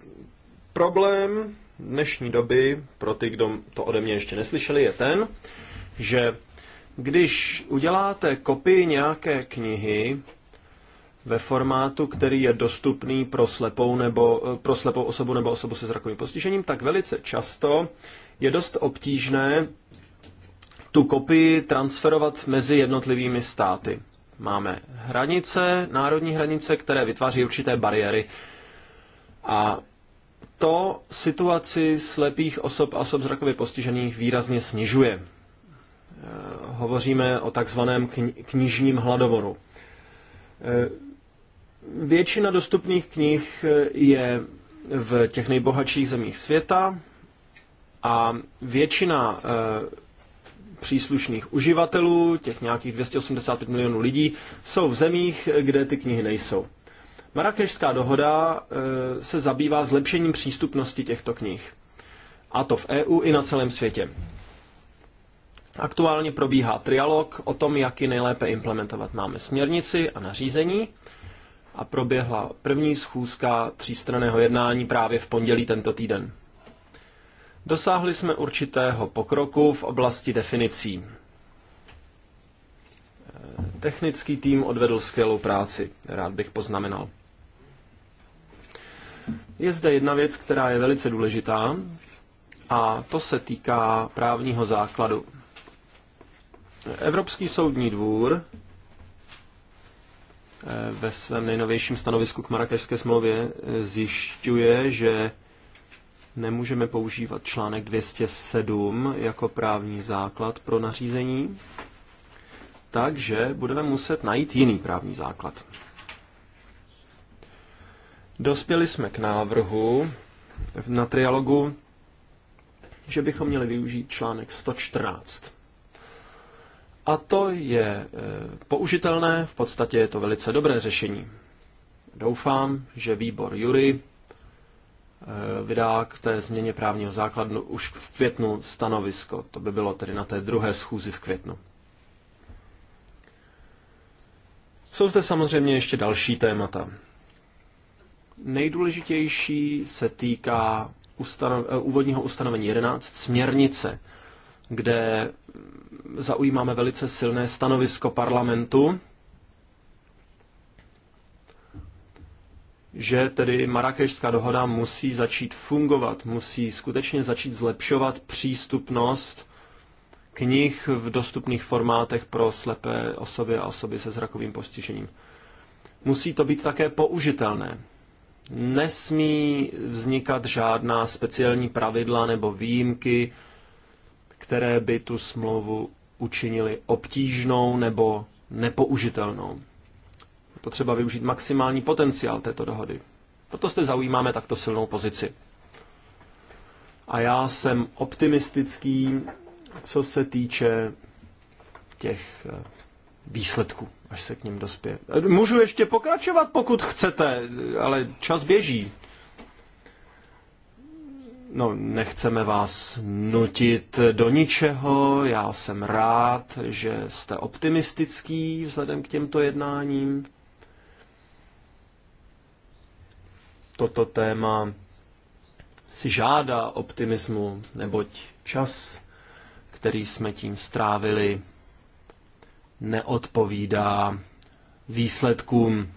Problém dnešní doby, pro ty, kdo to ode mě ještě neslyšeli, je ten, že když uděláte kopii nějaké knihy ve formátu, který je dostupný pro slepou, nebo, eh, pro slepou osobu nebo osobu se zrakovým postižením, tak velice často je dost obtížné tu kopii transferovat mezi jednotlivými státy. Máme hranice, národní hranice, které vytváří určité bariéry. A to situaci slepých osob a osob zrakově postižených výrazně snižuje. Eh, hovoříme o takzvaném knižním hladovoru. Eh, většina dostupných knih eh, je v těch nejbohatších zemích světa a většina příslušných uživatelů, těch nějakých 285 milionů lidí, jsou v zemích, kde ty knihy nejsou. Marrakešská dohoda e, se zabývá zlepšením přístupnosti těchto knih. A to v EU i na celém světě. Aktuálně probíhá trialog o tom, jak ji nejlépe implementovat. Máme směrnici a nařízení a proběhla první schůzka třístraného jednání právě v pondělí tento týden. Dosáhli jsme určitého pokroku v oblasti definicí. Technický tým odvedl skvělou práci, rád bych poznamenal. Je zde jedna věc, která je velice důležitá, a to se týká právního základu. Evropský soudní dvůr eh, ve svém nejnovějším stanovisku k Marrakešské smlouvě eh, zjišťuje, že nemůžeme používat článek 207 jako právní základ pro nařízení, takže budeme muset najít jiný právní základ. Dospěli jsme k návrhu na trialogu, že bychom měli využít článek 114. A to je e, použitelné, v podstatě je to velice dobré řešení. Doufám, že výbor Jury Eh, vydá k té změně právního základu už v květnu stanovisko. To by bylo tedy na té druhé schůzi v květnu. Jsou zde samozřejmě ještě další témata. Nejdůležitější se týká ustano, eh, úvodního ustanovení 11 směrnice, kde zaujímáme velice silné stanovisko parlamentu že tedy Marrakešská dohoda musí začít fungovat, musí skutečně začít zlepšovat přístupnost knih v dostupných formátech pro slepé osoby a osoby se zrakovým postižením. Musí to být také použitelné. Nesmí vznikat žádná speciální pravidla nebo výjimky, které by tu smlouvu učinili obtížnou nebo nepoužitelnou potřeba využít maximální potenciál této dohody. Proto zde zaujímáme takto silnou pozici. A já jsem optimistický, co se týče těch eh, výsledků, až se k ním dospěje. Eh, můžu ještě pokračovat, pokud chcete, ale čas běží. No, nechceme vás nutit do ničeho. Já jsem rád, že jste optimistický vzhledem k těmto jednáním. toto téma si žádá optimismu, neboť čas, který jsme tím strávili, neodpovídá výsledkům,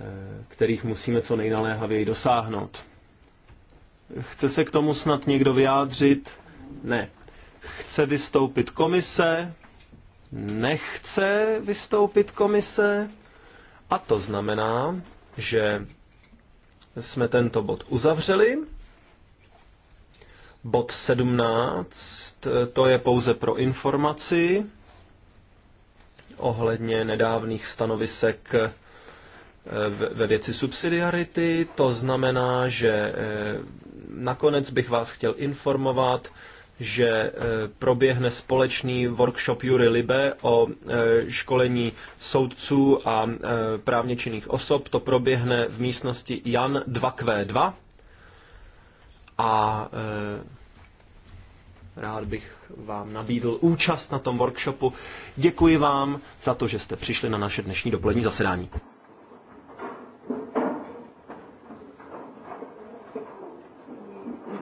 eh, kterých musíme co nejnaléhavěji dosáhnout. Chce se k tomu snad někdo vyjádřit? Ne. Chce vystoupit komise? Nechce vystoupit komise? A to znamená, že jsme tento bod uzavřeli. Bod 17, to je pouze pro informaci ohledně nedávných stanovisek eh, ve věci subsidiarity. To znamená, že eh, nakonec bych vás chtěl informovat, že eh, proběhne společný workshop Jury Libe o eh, školení soudců a eh, právně činných osob. To proběhne v místnosti Jan 2Q2 a rád bych vám nabídl účast na tom workshopu. Děkuji vám za to, že jste přišli na naše dnešní dopolední zasedání.